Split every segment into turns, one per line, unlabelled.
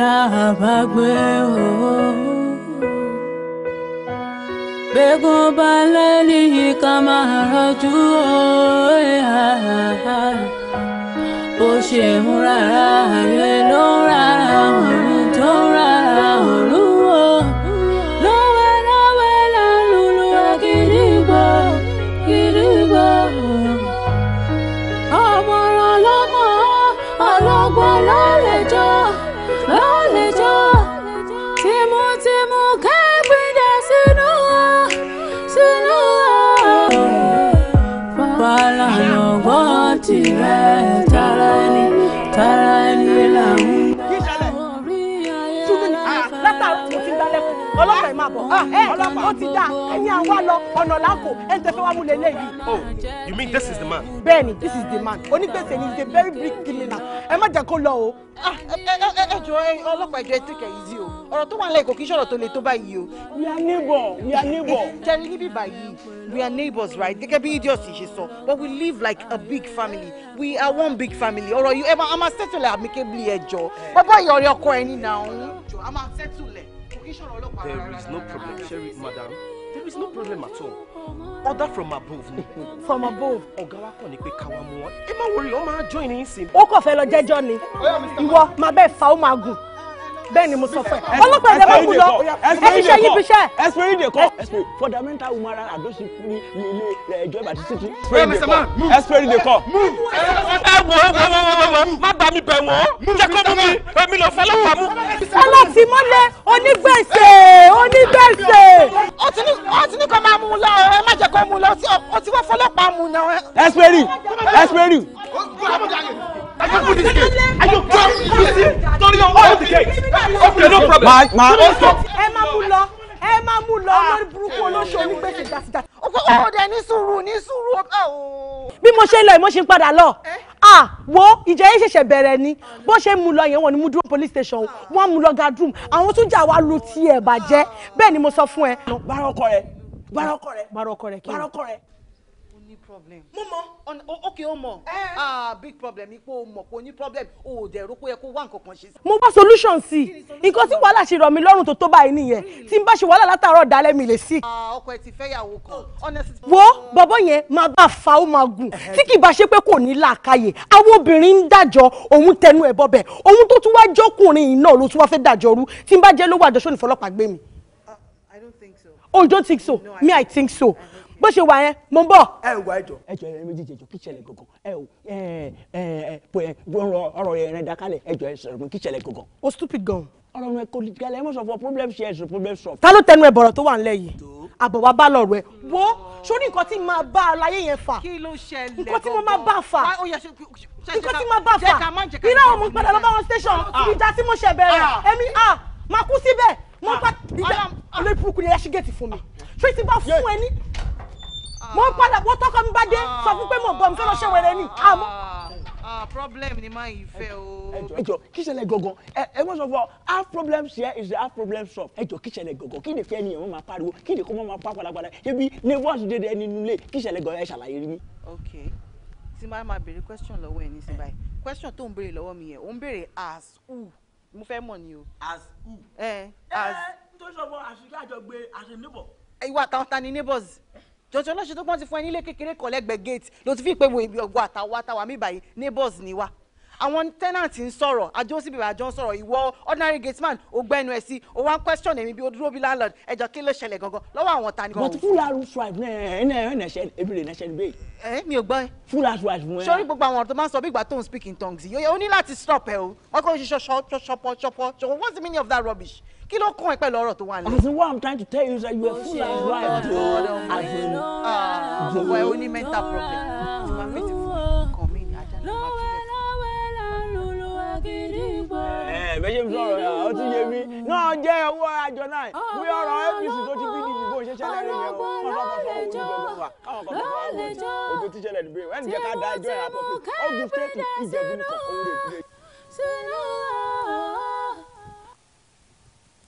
aláàbágbé o. gbẹ́gun balẹ̀ níyì ká máa rọ́jú o. bó ṣe ń rárá ayé lọ́rùn.
ọlọ́pàá ẹ̀ máa bọ̀ ah, eh, ọlọ́pàá ó ti dá ẹ̀yin àwa lọ ọ̀nà làákò ẹ̀ ń tẹ́fẹ́ wá mú léyìí. oh you mean this is the man. bẹ́ẹ̀ni this is the man onígbèsè ni he is a very big criminal ẹ má jẹ́ kó
lọ o. Ah, ẹ jọ ọlọ́pàá ẹjọ ẹtíkẹ yìí sí o ọ̀rọ̀ tó wà nílẹ̀ kò kí sọ̀rọ̀ tó le tó báyìí o. we are neighbor we are neighbor. Eh, tẹ̀lé níbí báyìí we are neighbors right gẹ́gẹ́ bí idiot ṣe sọ but we live like a big family we are one big family ọ̀rọ̀ yìí ẹ máa settle amicably ẹjọ́ bọ́bọ́ ìyọ̀rẹ́ ọkọ ẹni náà ọ̀hún a máa settle There is
no problem, Sherry, madam. There is no problem at all. Order from above ni.
From above. Ọ̀gá wa kàn ní pé ká wa mú wọn. Ẹ má worry, ó máa join in sin. Ó kàn fẹ́ lọ jẹ́jọ́ ni. Ìwọ máa bẹ́ẹ̀ fa ó máa gùn bẹ́ẹ̀ ni mo sọ fún ẹ ọlọ́pàá ẹ̀dẹ̀ máa kú lọ ẹ ti
ṣe yíbi iṣẹ́.
ẹsipiri de kọ fundamental human rights adosi ní ilé ẹjọ́ ìbàdí títí ẹsipiri de kọ. ẹ wọ ẹ wọ wọ wọ má bá mi bẹ̀
wọ́n
jẹ́ kó mú mi èmi lọ fọlọ́pàá mú. ọlọ́tìmọ́lẹ̀ onígbèsè onígbèsè. ó ti ní ó ti ní kó máa mú un lọ ẹ má jẹ́ kó mú un lọ ó ti wá fọlọ́pàá mú un náà. ẹsipiri ẹsipiri. Are you good? Are you good? Are you
good?
Sorry, you're out of the gate okay no problem. ma ma ó sọ.
ẹ má mú lọ ẹ má mú lọ ah. lórí burúkú olóṣù onígbèsè jàsíjàsí. ọkọ ọdẹ ní sùúrù ní sùúrù. bí mo ṣe ń lọ yìí mo ṣe ń padà lọ ah wo ìjà yẹn ṣẹ̀ṣẹ̀ bẹ̀rẹ̀ ni bó ṣe mú lọ yẹn wọ́n ní mú dúró police station wọ́n mú lọ gadrum àwọn tún jà wá lu tiẹ̀ bàjẹ́ bẹ́ẹ̀ ni mo sọ fún ẹ. bára ọkọ rẹ bára ọkọ rẹ bára ọkọ rẹ kí
problem. mo mọ. ok o mọ. Eh. ah big problem ipò o mọ̀ pé o problem o ò dẹ̀ ro pé yẹ kó wá nǹkan kan ṣe. mo wá
solution si. i nǹkan tí wàhálà ṣe rọ̀ mí lọ́rùn tó tó báyìí nìyẹn tí n bá ṣe wàhálà látàárọ̀ dalẹ́ mi lè sí.
Ah, ọkọ ẹ ti fẹ́ yàwó kan oh. honestly. wo
bọ́bọ́ yẹn máa bá a fa ó máa gùn eh. tí kì í bá ṣe pé kò ní làákàyè àwọn obìnrin ń dájọ́ òun tẹnu ẹ̀ bọ́bẹ̀ òun tó tún wá jọ́kùnrin yìí náà ló tún wá fẹ́ dájọ́ rú tí n bá jẹ́ lówó àjọṣọ́ ìfọlọ́pàá gbé mi. Ah, I don't think so. Oh, you don't think so? No, Me, I think so. Uh-huh bó ṣe wà yẹn mo ń bọ̀. ẹ wà
ẹjọ. ẹjọ ẹ méjì jẹjọ kí ṣẹlẹ̀ gangan ẹ o ẹ ẹ ẹ ọ̀rọ̀ yẹn rẹ dakalẹ ẹjọ ẹ sọ̀rọ̀ mi kí ṣẹlẹ̀ gangan. o stupid gan. ọ̀rọ̀ mi kò gẹlẹ ẹ mọ sọ fún problem share sọ problem solve.
ta ló tẹnu ẹ bọ̀rọ̀ tó wà nílẹ̀ yìí àbọ̀ wa bá lọ̀rọ̀ ẹ wo sórí nǹkan tí máa bá aláyé yẹn fà nǹkan tí mo máa bá fà oh, nǹkan tí máa bá fà iná òun mo padà lọ bá wọn station ah. ìjà tí mo ṣe bẹ̀rẹ̀ ah. èmi ah máa kú síbẹ̀ mo bá ah. ìjà olórí burúkú ni ẹ ṣe gẹ̀ẹ́tì fún mi ṣé ti bá fún ẹ ní mo padà wọ́n tọ́kọ mi bá dé sọ fún pé
mo bọ̀ mi fẹ́ lọ ṣe ni
ah, àmọ́. Ah,
ah, problem ni máa yìí fẹ́ o. ẹ jọ
kí ṣẹlẹ̀ gangan ẹ ẹ mọ sọ fún ọ half problem share is the half problem solve. ẹ jọ kí ṣẹlẹ̀ gangan kí ni fẹ́ ni ẹ̀wọ̀n máa pariwo kí ni kó máa pa padàpadà ebi neighbors dédé ẹni nulẹ̀ kí ṣẹlẹ̀ gangan ẹ ṣàlàyé rí
mi. ok tí máa máa béèrè question lọ́wọ́ ẹ nísìnyí báyìí question tó ń béèrè lọ́wọ́ mi yẹn ò ń béèrè as who mo fẹ́ mọ̀ ni o. as who. ẹ ẹ
nítorí sọ fún àṣìkí àjọgbé àṣẹ neighbor.
ìwà táwọn ta ni neighbors jọjọ ọlọ́ṣẹ́ tó pọ́n ti fún ẹ nílé kékeré kọ̀lẹ́gbẹ̀ẹ́ gate ló ti fi pé wo àtàwọn àtàwọn àmì ìbàyè neighbors ni wa àwọn tenant ń sọ̀rọ̀ àjọ síbi àjọ ń sọ̀rọ̀ ìwọ ordinary gateman ó gbẹ́nu ẹ̀ sí ó wá ń question èmi bí ó dúró bí landlord ẹjọ́ kí ló ṣẹlẹ̀ gangan lọ́wọ́ àwọn ta ni. but
fúlàrú fried ẹ ẹ ẹ ebi lè nẹṣẹ níbẹ̀.
ẹ mi ò gbọ́ ẹ. fúlàrú fried mu ẹ. sori gbogbo àwọn ọ̀rọ̀ tó máa ń sọ bí ìgbà tó ń speak in tongues yìí ó ní láti stop ẹ o wọn kò ń ṣe ṣọpọ ṣọpọ ṣọpọ what's the meaning of that rubbish kí ló kún ẹ pẹ̀lú ọ̀rọ̀ tó wà ní. àti what i'm trying to tell you is that you are full as right o àjẹmí. ọ̀pọ̀ ẹ̀ ó ní mental
problem. Eh, bẹ́ẹ̀ ṣe ń sọ̀rọ̀ yà ó ti yé mi
náà jẹ́ owó àjọ náà bí ọ̀rọ̀ apc tó ti pdp bó ṣe ṣẹlẹ̀ rẹ̀ yẹn wọn náà kọ́ sọ́wọ́ ojú ìjọba wa àwọn kan fọwọ́ àwọn ọ̀sẹ̀ ojú ti ṣẹlẹ̀ níbí ẹnì kẹta da ẹjọ́ yà pọ̀ pé ogun state ìjẹ̀bú nìkan ó
rè é.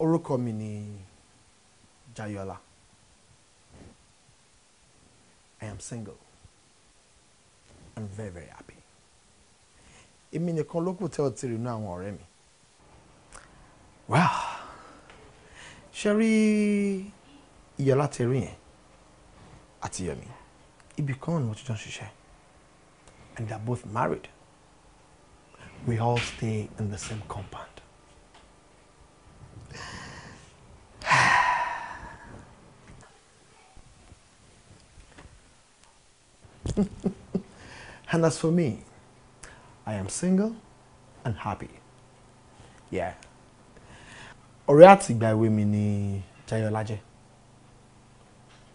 orúkọ mi ni Jayọ̀lá I am single and very very èmi nìkan ló kù tẹ́ ọ ti rìnnú àwọn ọ̀rẹ́ mi. wow ṣe rí ìyọlá ti rí yẹn àti yẹmi ibì kan ni wọ́n ti jọ ń ṣiṣẹ́ and they are both married we all stay in the same compound. and as for me I am single and happy. Yeah. Ọ̀rẹ́ àtìgbà ìwé mi ni Jayọ̀lájẹ́.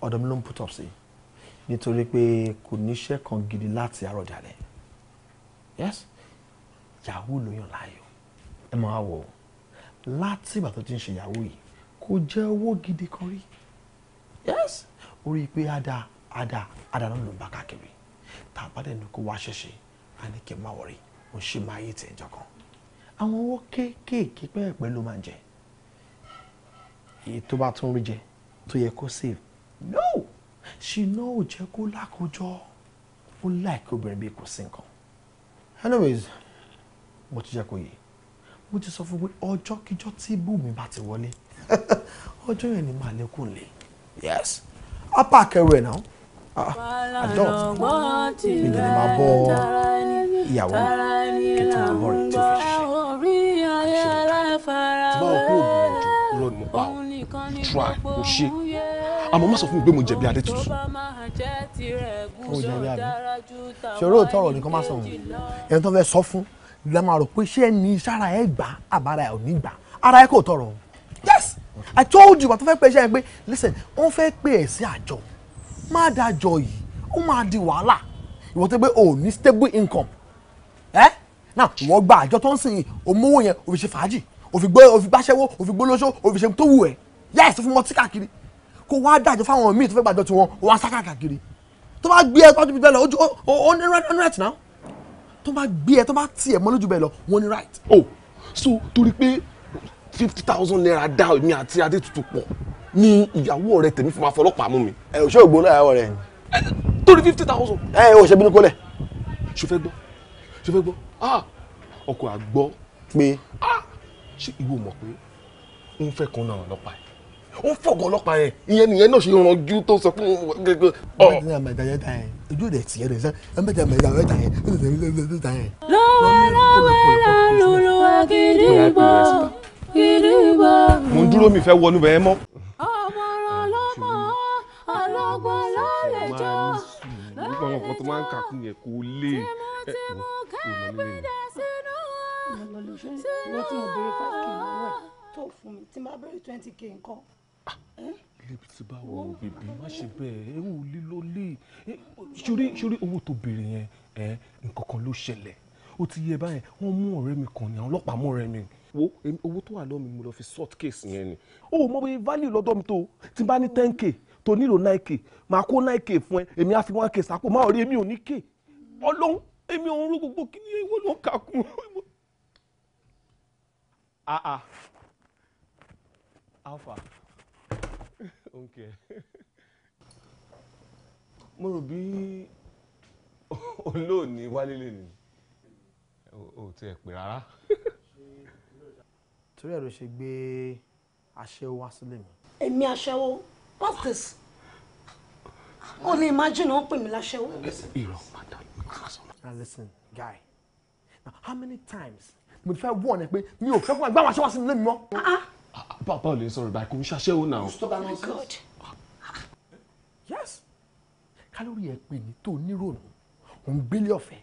Ọ̀dọ̀ mi ló ń put up sí nítorí pé kò níṣẹ́ kan gidi láti àárọ̀ dalẹ́. Yes. Yahoo ló yàn láàyò. Ẹ máa wò ó. Láti ìgbà tó ti ń ṣe Yahoo yìí, kò jẹ́ owó gidi kan rí. Yes. Orí pé ada ada ada náà ló ń bá káàkiri. Tàbá dẹ̀ ní kó wá ṣẹ̀ṣẹ̀ a ní kí n má wọrí mo ṣì máa yé tẹ̀ ìjọ kan àwọn owó kéékèèké pẹ́ẹ́pẹ́ ló máa jẹ èyí tó bá tún save no ṣìnà ò jẹ́ kó lákòjọ ó láìkí obìnrin bí kò sí nǹkan anyways mo ti jẹ́ kó yé mo ti sọ fún pé ọjọ́ kíjọ́ tí bùnmi bá ti wọlé ọjọ́ yẹn
ni màá lékún lé
yes apá akẹ́rù ẹ̀ náà
adult mi lè máa bọ́ ìyàwó mi kí n máa bọ́ rẹ̀ tí ó fi ṣiṣẹ́ tí bá òkú òògùn
ọjọ́ lọ́ọ̀dù mo pa ọ́ try
mo ṣe àmọ́ má sọ fún mi pé mo jẹ̀bi adé tuntun. ó jẹ̀bi àbí ṣòro ìtọ́rọ̀ nìkan má sọ wọn ẹni tó fẹ́ sọ fún la máa rò pé ṣé ẹni sára ẹ gbà àbára ẹ ò ní gbà ara ẹ kò tọrọ yes i told you wà tó fẹ́ pè ṣe ẹ pé listen wọ́n fẹ́ pè ẹ sí àjọ má dájọ yìí ó máa di wàhálà ìwọ tó gbé o ní stable income ẹ náà ìwọ gba àjọ tó ń sìn òmówó yẹn o fi ṣe fàájì o fi gbó o fi gbàṣẹ́wó o fi gbólóṣó o fi ṣe tó wù ẹ yẹ́ẹ̀ sọ fún mọ́tí káàkiri kó wá dájọ fáwọn míì tó fẹ́ gbàjọ tiwọn wá sá káàkiri tó bá gbé ẹ pàtó bíbẹ́ lọ ojú ó ní right now tó bá gbé ẹ tó bá tiẹ̀ mọ́ lójú bẹ́ẹ̀ lọ wọ́n ní right. o oh, so torí pé fifty thousand naira dá èmi àti adé tutù pọ̀ ni ìyàwó rẹ tèmi fi máa fọlọ́pàá mú mi. ẹ ò ṣe ògbóná ìyàwó rẹ. torí fifty thousand. ẹ ò ṣe bínú kólẹ̀. ṣòfẹ́ gbọ́ ṣòfẹ́ gbọ́ ah, ọkọ àgbọ́. pé ah, ṣé ìwọ mọ̀ pé ó ń fẹ́ kan náà lọ́pàá yẹn ó ń fọ̀gàn ọlọ́pàá yẹn ìyẹn nìyẹn náà ṣe ranjú tó sọ fún un gẹgẹ. ojú rẹ̀ tiẹ̀ rẹ̀ sẹ́ ẹ mẹ́ta mẹ́ta mẹ́ta yẹn ó
tẹ̀lé lọ́wọ́ lọ́wọ́ lọ́wọ́ lálùlù àgídìgbò àgídìgbò. mo ń dúró
mi fẹ́ wọnú bẹ́ẹ̀ mọ́
ọmọràn lọ́mọ ah, ọlọ́gbọ́n ló lè jọ lọ́lẹ́jọ́ àwọn nǹkan tó máa ń kàkún yẹn kò lè ẹ ẹ wò
ló lè ní. wọ́n ti mọ̀ bèrè five k lọ́wọ́ ẹ̀ tó fún mi tí n bá bèrè twenty k nǹkan. Ah, eh?
lébi tí bá wọ bèbè má ṣe bẹ́ẹ̀ ẹ ò lè lọ lè ṣorí ṣorí owó tó bèrè yẹn ẹ eh, nǹkan kan ló ṣẹlẹ̀ ó ti yẹ báyẹn wọ́n mú ọ̀rẹ́ mi kan ní àwọn ọlọ́pàá mú ọ̀rẹ́ mi wo owó tó wà lọ́wọ́ mi mo lọ fi sort case yẹn ni o mọ bóyá value lọ́dọ̀ mi tó ti bá ní ten k tó nílò nine k máa kó nine k fún ẹ èmi á fi one k sápò máa rí èmi ò ní k ọlọ́run èmi ò ń rú gbogbo kí ni ìwọ ló ń kà kún. Ah, ah. alpha oúnjẹ mo rò bí olóòní wálé lè ní o ò tiẹ̀ pè rárá torí ẹ̀ ló ṣe gbé aṣẹ́wó wá sílé mi. èmi
aṣẹ́wó what's this o lè imagine wọ́n pè mí láṣẹ́wó.
irọ́ madam now listen guy now how many times mo ti fẹ́ wọ̀ ọ́nà pé mi ò fẹ́ fún ẹgbẹ́ àwọn aṣẹ́wó sí ilé mi mọ́. Ah, ah. Ah, bàbá ò lè sọ̀rọ̀ báyìí kò ń ṣaṣẹ́wó náà. oh god. yes kálórì ẹ pè ní tó nírònú òun gbélé ọ̀fẹ́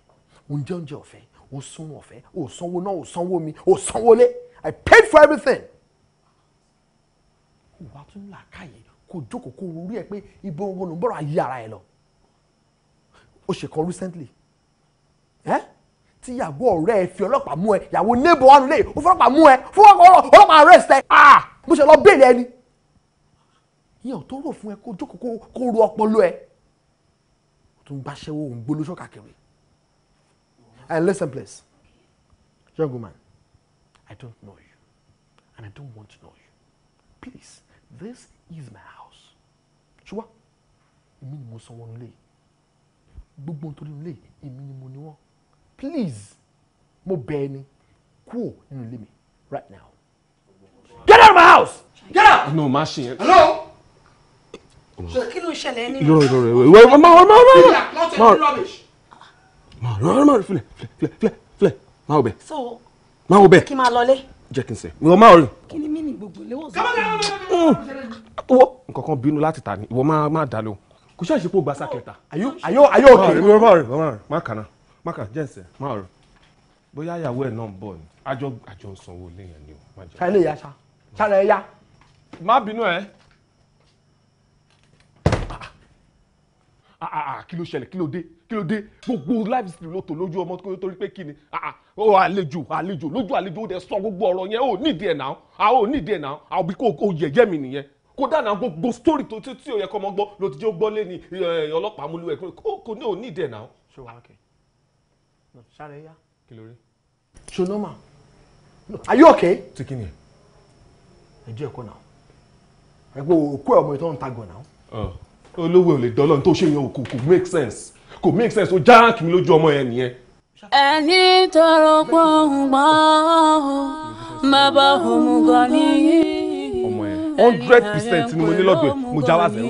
òun jẹ oúnjẹ ọ̀fẹ́ òun sunwọ̀n ọ̀fẹ́ òun sanwó náà òun sanwó mi òun sanwó lé. I paid for everything. Ìwà tún là káyè kò jókòó kó orí ẹ pé ibo wo ló ń bọ̀rọ̀ ayé ara ẹ lọ. O ṣe kan recently. Eh? tí ìyàwó ọ̀rẹ́ ẹ fi ọlọ́pàá mú ẹ ìyàwó neighbor wánu lẹ́yìn ó fọlọ́pàá mú ẹ fọwọ́ ọlọ́pàá arrest ẹ ah mo ṣe lọ béèrè ẹni. ìyẹn ò tó rò fún ẹ kó jókòó kó kó ro ọpọlọ ẹ tó ń gbàṣẹ́wó òun gbólóṣọ́ kàkiri. and listen please young woman I don't know you and I don't want to know you. Please, this is my house. Ṣùgbọ́n èmi ni mo sọ wọn nílé. Gbogbo nítorí nílé èmi ni mo ní wọn. Please, mo bẹ̀ ẹ́ ni kúrò nínú ilé mi right now. Get out of my house! Get out! No, má ṣe yẹn. Hello?
Kí ló ń ṣẹlẹ̀ ní. Yọrọ yọrọ yọrọ yọrọ ma ma ma ma
ma ma ma filẹ filẹ filẹ filẹ ma ọbẹ. So máa wo bẹ́ẹ̀. kí n máa lọlé. jẹ́ kí n sẹ́ ìwọ máa rìn.
kí ni mí ni gbogbo léwọ̀ sọ.
Mm. wọ́ nǹkan kan bínú láti tà ní ìwọ máa máa dà lóhùn kò ṣe àṣepọ̀ gbàsá kẹta àyọ àyọ òkè. ìwọ máa rìn máa rìn máa kàná máa kàná jẹ́ ǹsẹ̀ máa rìn bóyá ìyàwó ẹ̀ náà ń bọ̀ ni àjọ àjọ ń sanwó lẹ́yìn ni o. ká ilé ìyá sa sára ẹ má bínú ẹ. Ah, ah, ah, kí ló ṣẹlẹ̀ kí ló dé kí ló dé gbogbo life stream ló tò lójú ọmọ torí pé kí ni ó àlejò àlejò lójú àlejò ó dẹ̀ sọ gbogbo ọ̀rọ̀ yẹn ó nídìí ẹ̀ náà a ó nídìí ẹ̀ náà àbí kò ó yẹ̀yẹ́ mi nìyẹn kódà náà gbogbo story tó tí tí ò yẹ kọ́ ọmọ gbọ́ ló ti jẹ́ ó gbọ́ lé ní ọlọ́pàá múlùú ẹ̀ kò ní ò nídìí ẹ̀ náà. ṣé wàá kẹ ṣáà rẹ yá. kí ló rí. ṣo are you okay. ti kí ni ẹ. ẹ jẹ́ ẹ̀kọ́ náà ẹ gbọ́ òkú ẹ̀ ọmọ ìtọ́ ń tagọ̀ olówó ò lè dọ́lọ́ ní tó ṣe yẹn kò kò make sense kò make sense ó jáàkì mi lójú ọmọ yẹn nìyẹn.
ẹni tọrọ pọ ń gbọ́ òun gan ni. hundred percent
ni mo ní lọ́dọ̀ ẹ̀ mo já wá zero.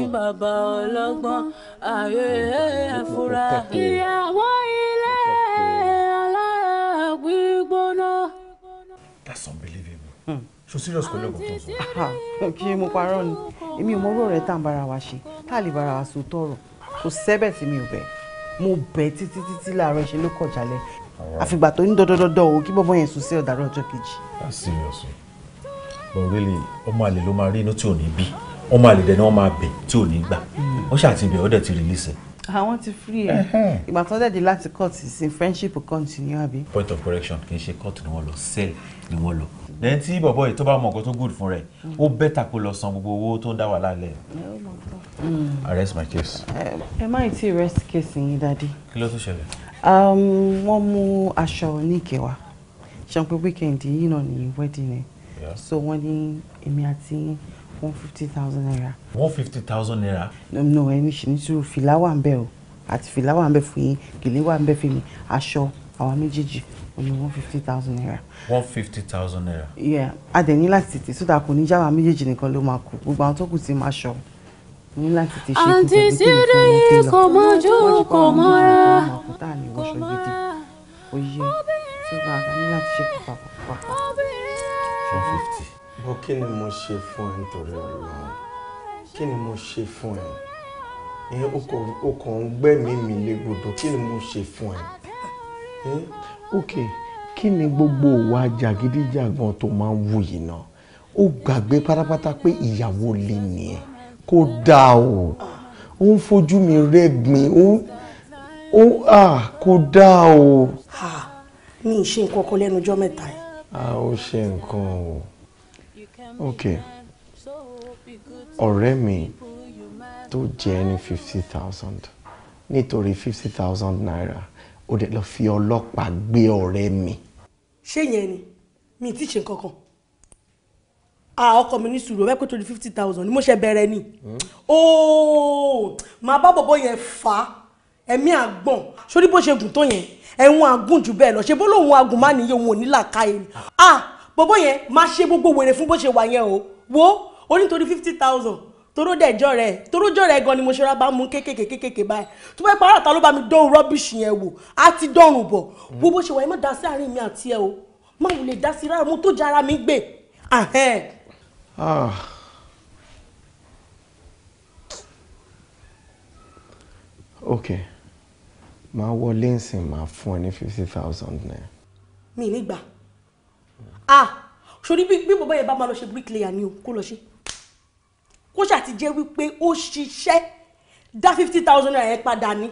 that's unbelievable.
Hmm ṣo serious pẹ̀lú ọkọ̀
tó ń mo parọ́ ni
èmi ò mọ́rọ̀ rẹ̀ tá à ń bára wa ṣe tá à lè bára wa so tọrọ kò sẹ́bẹ̀ tí mi ò bẹ̀ mo bẹ̀ títí títí láàárọ̀ ṣe ló kọ̀ jálẹ̀ àfìgbà tó ní dọ́dọ́dọ́dọ́ o kí bọ́bọ́ yẹn sùn sí ọ̀dàrọ̀ ọjọ́ kejì.
that's serious but really ọmọ àlè ló máa rí inú tí ò ní bí ọmọ àlè dẹni wọn máa bẹ̀ tí ò ní gbà wọn hmm. ṣáà ti bẹ̀ ọdẹ ti release ẹ.
àwọn ah, ti free ẹ ìgbà tó dẹ̀ di láti court sí friendship continue àbí. point of correction kì í ṣe court ni wọ́n lọ cell ni wọ́n lọ then tí bọ̀bọ̀ yìí tó bá mọ̀ nǹkan tó good fún rẹ̀ ó bẹ́tà kó lọ san gbogbo owó tó ń dá
wà lálẹ́. arrest mm. my case. ẹ
má ì tí ì rest case yín dádì. kí ló tún ṣẹlẹ̀. Um, wọ́n mú aṣọ oníkẹ́ wa ṣàǹpé weekend yìí náà ní wedding ẹ̀ so wọ́n ní èmi àti one fifty thousand naira. one fifty thousand naira. no no ẹni ṣì ní sùúrù fìlà wà ń bẹ o àti fìlà wà ń bẹ fún yín gèlè wà ń bẹ fún mi aṣọ àwa méjèèjì only one fifty thousand naira.
one fifty thousand naira.
yeah a dẹ̀ ní láti tètè sódà kò ní jáwá méjèèjì nìkan ló máa kú gbogbo àwọn tó kù ti máa ṣọ ní láti tètè ṣe kò tẹ̀lé tẹ̀lé yìí kò
mọ́jú kò mọ́ra
kò tá à ní wọṣọ gidi kò yẹ sódà a ní láti ṣe kò pàpà
pàpà. one fifty.
bó kí ni mo ṣe fún ẹ nítorí Ọlọ́run kí ni mo ṣe fún ẹ o kàn ń gbẹ́mìí mi légbodò kí ni mo ṣe fún ẹ ok kí ni gbogbo ìwà jàgídíjàgan tó máa ń wù yìí náà ó gbàgbé pátápátá pé ìyàwó lè nìyẹn kó dáa o ó ń fojú mi rẹ́gbin ó ó à kó dáa o. mi ì ṣe nǹkan kan lẹ́nu ọjọ́ mẹ́ta yìí. a ó ṣe nǹkan o ok ọ̀rẹ́ mi tó jẹ́ ní fifty thousand nítorí fifty thousand naira ó dẹ̀ lọ fi ọlọ́pàá gbé ọ̀rẹ́ mi.
ṣé yẹn ni mi ti ṣe nǹkan kan ọkọ mi ní sùúrù ọ̀rẹ́ pé torí fifty thousand ni mo ṣe bẹ̀rẹ̀ ni hmm. ooo màá bá bọ̀bọ̀ yẹn fà á ẹ̀mí àgbọ̀n sórí bó ṣe gùn tó yẹn ẹ̀wọ̀n àgùn jù bẹ́ẹ̀ lọ ṣe bó lóun agùn má nìyẹn òun ò ní làákàyè ni ah bọ̀bọ̀ yẹn máa ṣe gbogbo wèrè fún bó ṣe wà yẹn o wo onítorí fifty thousand toró dẹjọ rẹ toró jọ rẹ gan ni mo ṣe ra bá mú kékèké kékèké báyìí tó bá parọ́ àtàló bá mi dán rọ́bìṣì yẹn wò á ti dọ̀rùn bọ̀ wo ṣe wà yẹn má dá sí àárín mi àti ẹ o má wò lè dá sí rárá mo tó jẹ ara mi gbè ah.
ok máa wọlé ǹsìn máa fún ẹ ní fifty thousand naira.
mi nígbà ah sori bí bọ́bọ́ yẹn bá máa lọ ṣe bricklayer ni o kó lọ ṣe kó ṣàtijẹ́ wípé ó ṣiṣẹ́ dá fifty thousand naira yẹn padà ní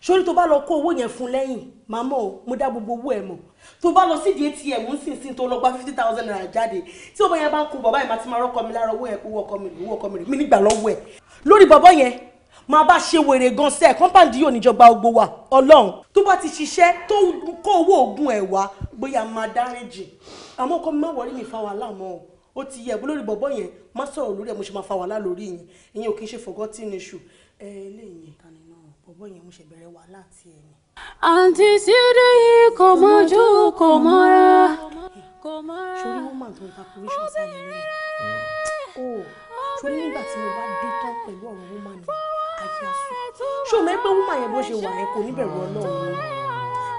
sórí tó bá lọ kó owó yẹn fún lẹ́yìn màmá o mo dá gbogbo owó ẹ̀ mọ̀ tó bá lọ sídìí atm ń sìn sí tó lọ gba fifty thousand naira jáde tí ọmọ yẹn bá kú bàbá yẹn máa ti máa rọ́kọ mi lára owó yẹn kó wọ́ ọkọ mi lò wọ́ ọkọ mi lò mí nígbà lọ́wọ́ ẹ̀ lórí bàbá yẹn máa bá ṣe wèrè gan sẹ́ẹ̀ kọ́ńpáǹdì yóò níjọba gbogbo wa ọlọ́run tó bá ti ṣiṣẹ́ tó kó owó oògùn ẹ̀ wá bóyá máa dáríjì àmọ́ ọkọ mi má wọrí mi fa wàhálà ó ti yẹ lórí bọ̀bọ̀ yẹn má sọ̀rọ̀ lórí ẹ̀ mo ṣe máa fa wàhálà lórí yẹn ìyẹn ò kí n ṣe forgotten issue ẹ eléyìí kàní náà bọ̀bọ̀
yẹn mo ṣe bẹ̀rẹ̀ wàhálà àti ẹ̀ ni. àǹtí sídì yìí kò mọ́jú kò mọ́ra. sori mo máa ń tọrọ calculation sáré rẹ o sori nígbà tí
mo bá dé tán pẹ̀lú ọ̀rọ̀ woman yẹn àyà sùn ṣé o mẹ́ pé woman yẹn bó ṣe wà yẹn kò níbẹ̀rù ọlọ́run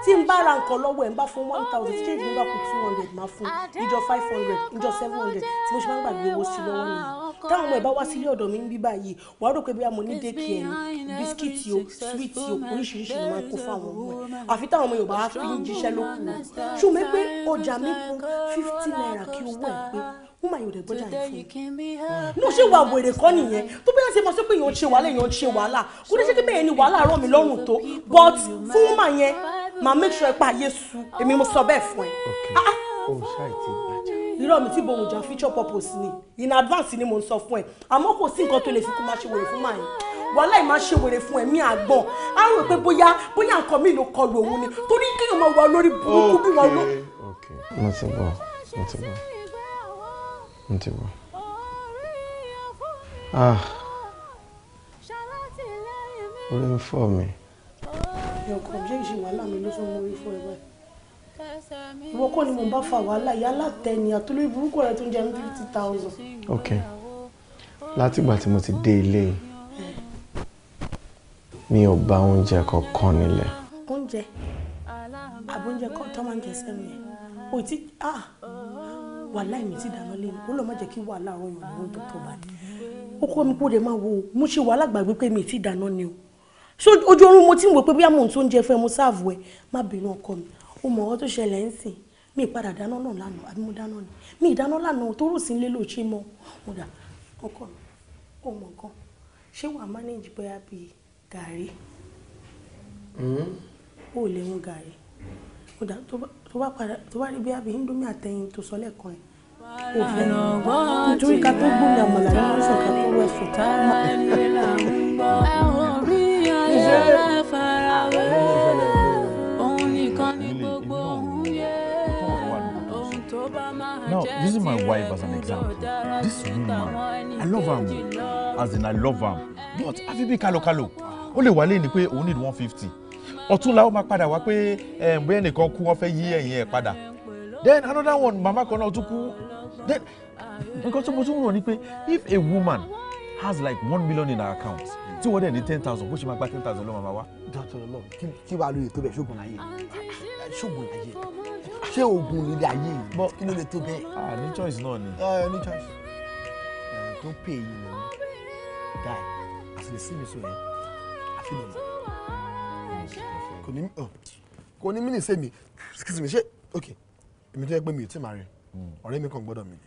tí n bá ra nǹkan lọ́wọ́ ẹ̀ ń bá fún one thousand tí change mi bá kú two hundred máa fún ìjọ five hundred ìjọ seven hundred tí mo ṣe máa ń gbàgbé owó sí lọ́wọ́ nìyí táwọn ọmọ ẹ̀ bá wá sílé ọ̀dọ̀ mi ń bí báyìí wàá rò pé bí amọ̀ ní dékì ẹ̀ ní bisikíìtì o suwiti o oríṣiríṣi ni máa ń kó fáwọn ọmọ ẹ̀ àfi táwọn ọmọ Yorùbá fi ń jíṣẹ́ lókun ṣùgbọ́n pé ọjà mi kú fifty naira kí owó ẹ̀ pé wọ́n máa yóò rẹ̀ gbọ́dọ̀ àyè fún mi. mo ṣe wà wèrè kọ́ nìyẹn tó bẹ́ẹ̀ ṣe mọ̀ sí pé èèyàn ṣe wàhálà èèyàn ṣe wàhálà kó dé ṣe pé bẹ́ẹ̀ ni wàhálà rọ̀ mí lọ́rùn tó but fún wọ́n máa yẹn máa make sure pa àyè su èmi mo sọ bẹ́ẹ̀ fún ẹ. o ah, ah.
oh,
ṣáì ti gbàjà.
irọ́ mi tí bohun jà future purpose ni in advance ni mo ń sọ fún ẹ àmọ́ kò sí nǹkan tó lè fi kó máa ṣe wèrè fún màá yẹn wàhálà yìí máa ṣe wèrè fún ẹ̀mí àgbọ̀n á rò pé bóyá bóyá nǹkan mi ló kọlu òun ni torí kéèyàn máa wà lórí burúkú bí wọn ló.
mo ti bọ̀
mo ti bọ̀.
Ah, ti bọ̀. me? ń fọ́ mi.
ẹ̀kọ́ james wàhálà mi ló fẹ́ mú orí fọ́ ẹ báyìí
ìwọ kọ́ ni mo bá fa wàhálà
yìí alátẹni àtolóyè burúkú rẹ tó ń jẹ ní fifty thousand.
ok látìgbà tí mo ti dé ilé yìí mi ò bá oúnjẹ kankan nílẹ̀.
oúnjẹ àbóúnjẹ kan tó máa ń jẹ sẹ́nu yẹn òtí ah wàhálà èmi ti dáná lé mi ó lọ má jẹ́ kí wàhálà ọ̀rọ̀ yòówù ó tó tó bá ní. ó kọ́ mi kó dé máa wo mo ṣe wàhálà gbàgbé pé mi ti dáná ni o ṣé ojú oorun mo ti ń wò pé bí àmọ̀ tó ń jẹ fún ẹ mo sáàvù ẹ má bínú ọkọ mi ó mọ̀ ọ́ tó ṣẹlẹ̀ ń sìn mi ìpadà dáná náà lánàá àbí mo dáná ni mi ìdáná lánàá tó rò sí ilé ló ṣe mọ mo dà ọkọ mi ó mọ nǹkan ṣé wàá manage bóyá bíi gàrí
ó hmm?
lè mú gàrí mo dà tó bá tó bá rí bí àbí indomie àtẹ̀yìn
tó sọ lẹ́ẹ̀kan ẹ̀ kò nítorí ká tó gbómi àmàlà ní ọ̀sán ká tó wẹ̀ sùn.
Now, using my wife
as an example, this woman, I love her
As in, I love her. But, àfi bí kálọ̀kálọ̀, ó lè wálé ni pé we need one fifty ọ̀tún la ó máa padà wá pé eh, bóyá ẹnìkan kú wọ́n fẹ́ yí ẹ̀yìn ẹ̀ padà then another one màmá kan náà tún kú then nǹkan tí mo tún rò ni pé if a woman has like one million in her account tí wọ́n dẹ̀ ní ten thousand bó ṣe máa gba ten thousand lọ́wọ́ màmá wa. dọ́tọ̀ lọ kí wàá lóye tó bẹ̀ ṣógun láyé ṣógun láyé ṣé oògùn nílé ayé yìí bọ́ kí ló lè tó bẹ́ẹ̀. ah ní choice náà ni. ẹ ní choice tó pè é yìí lọ guy as you dey see me so ẹ eh, i feel it kò ní oh, kò ní mí nìṣẹ́ mi excuse me ṣé ok èmi tó yẹ pé mi ò tí ì máa rẹ ọ̀rẹ́ mi kàn gbọ́dọ̀ mi ni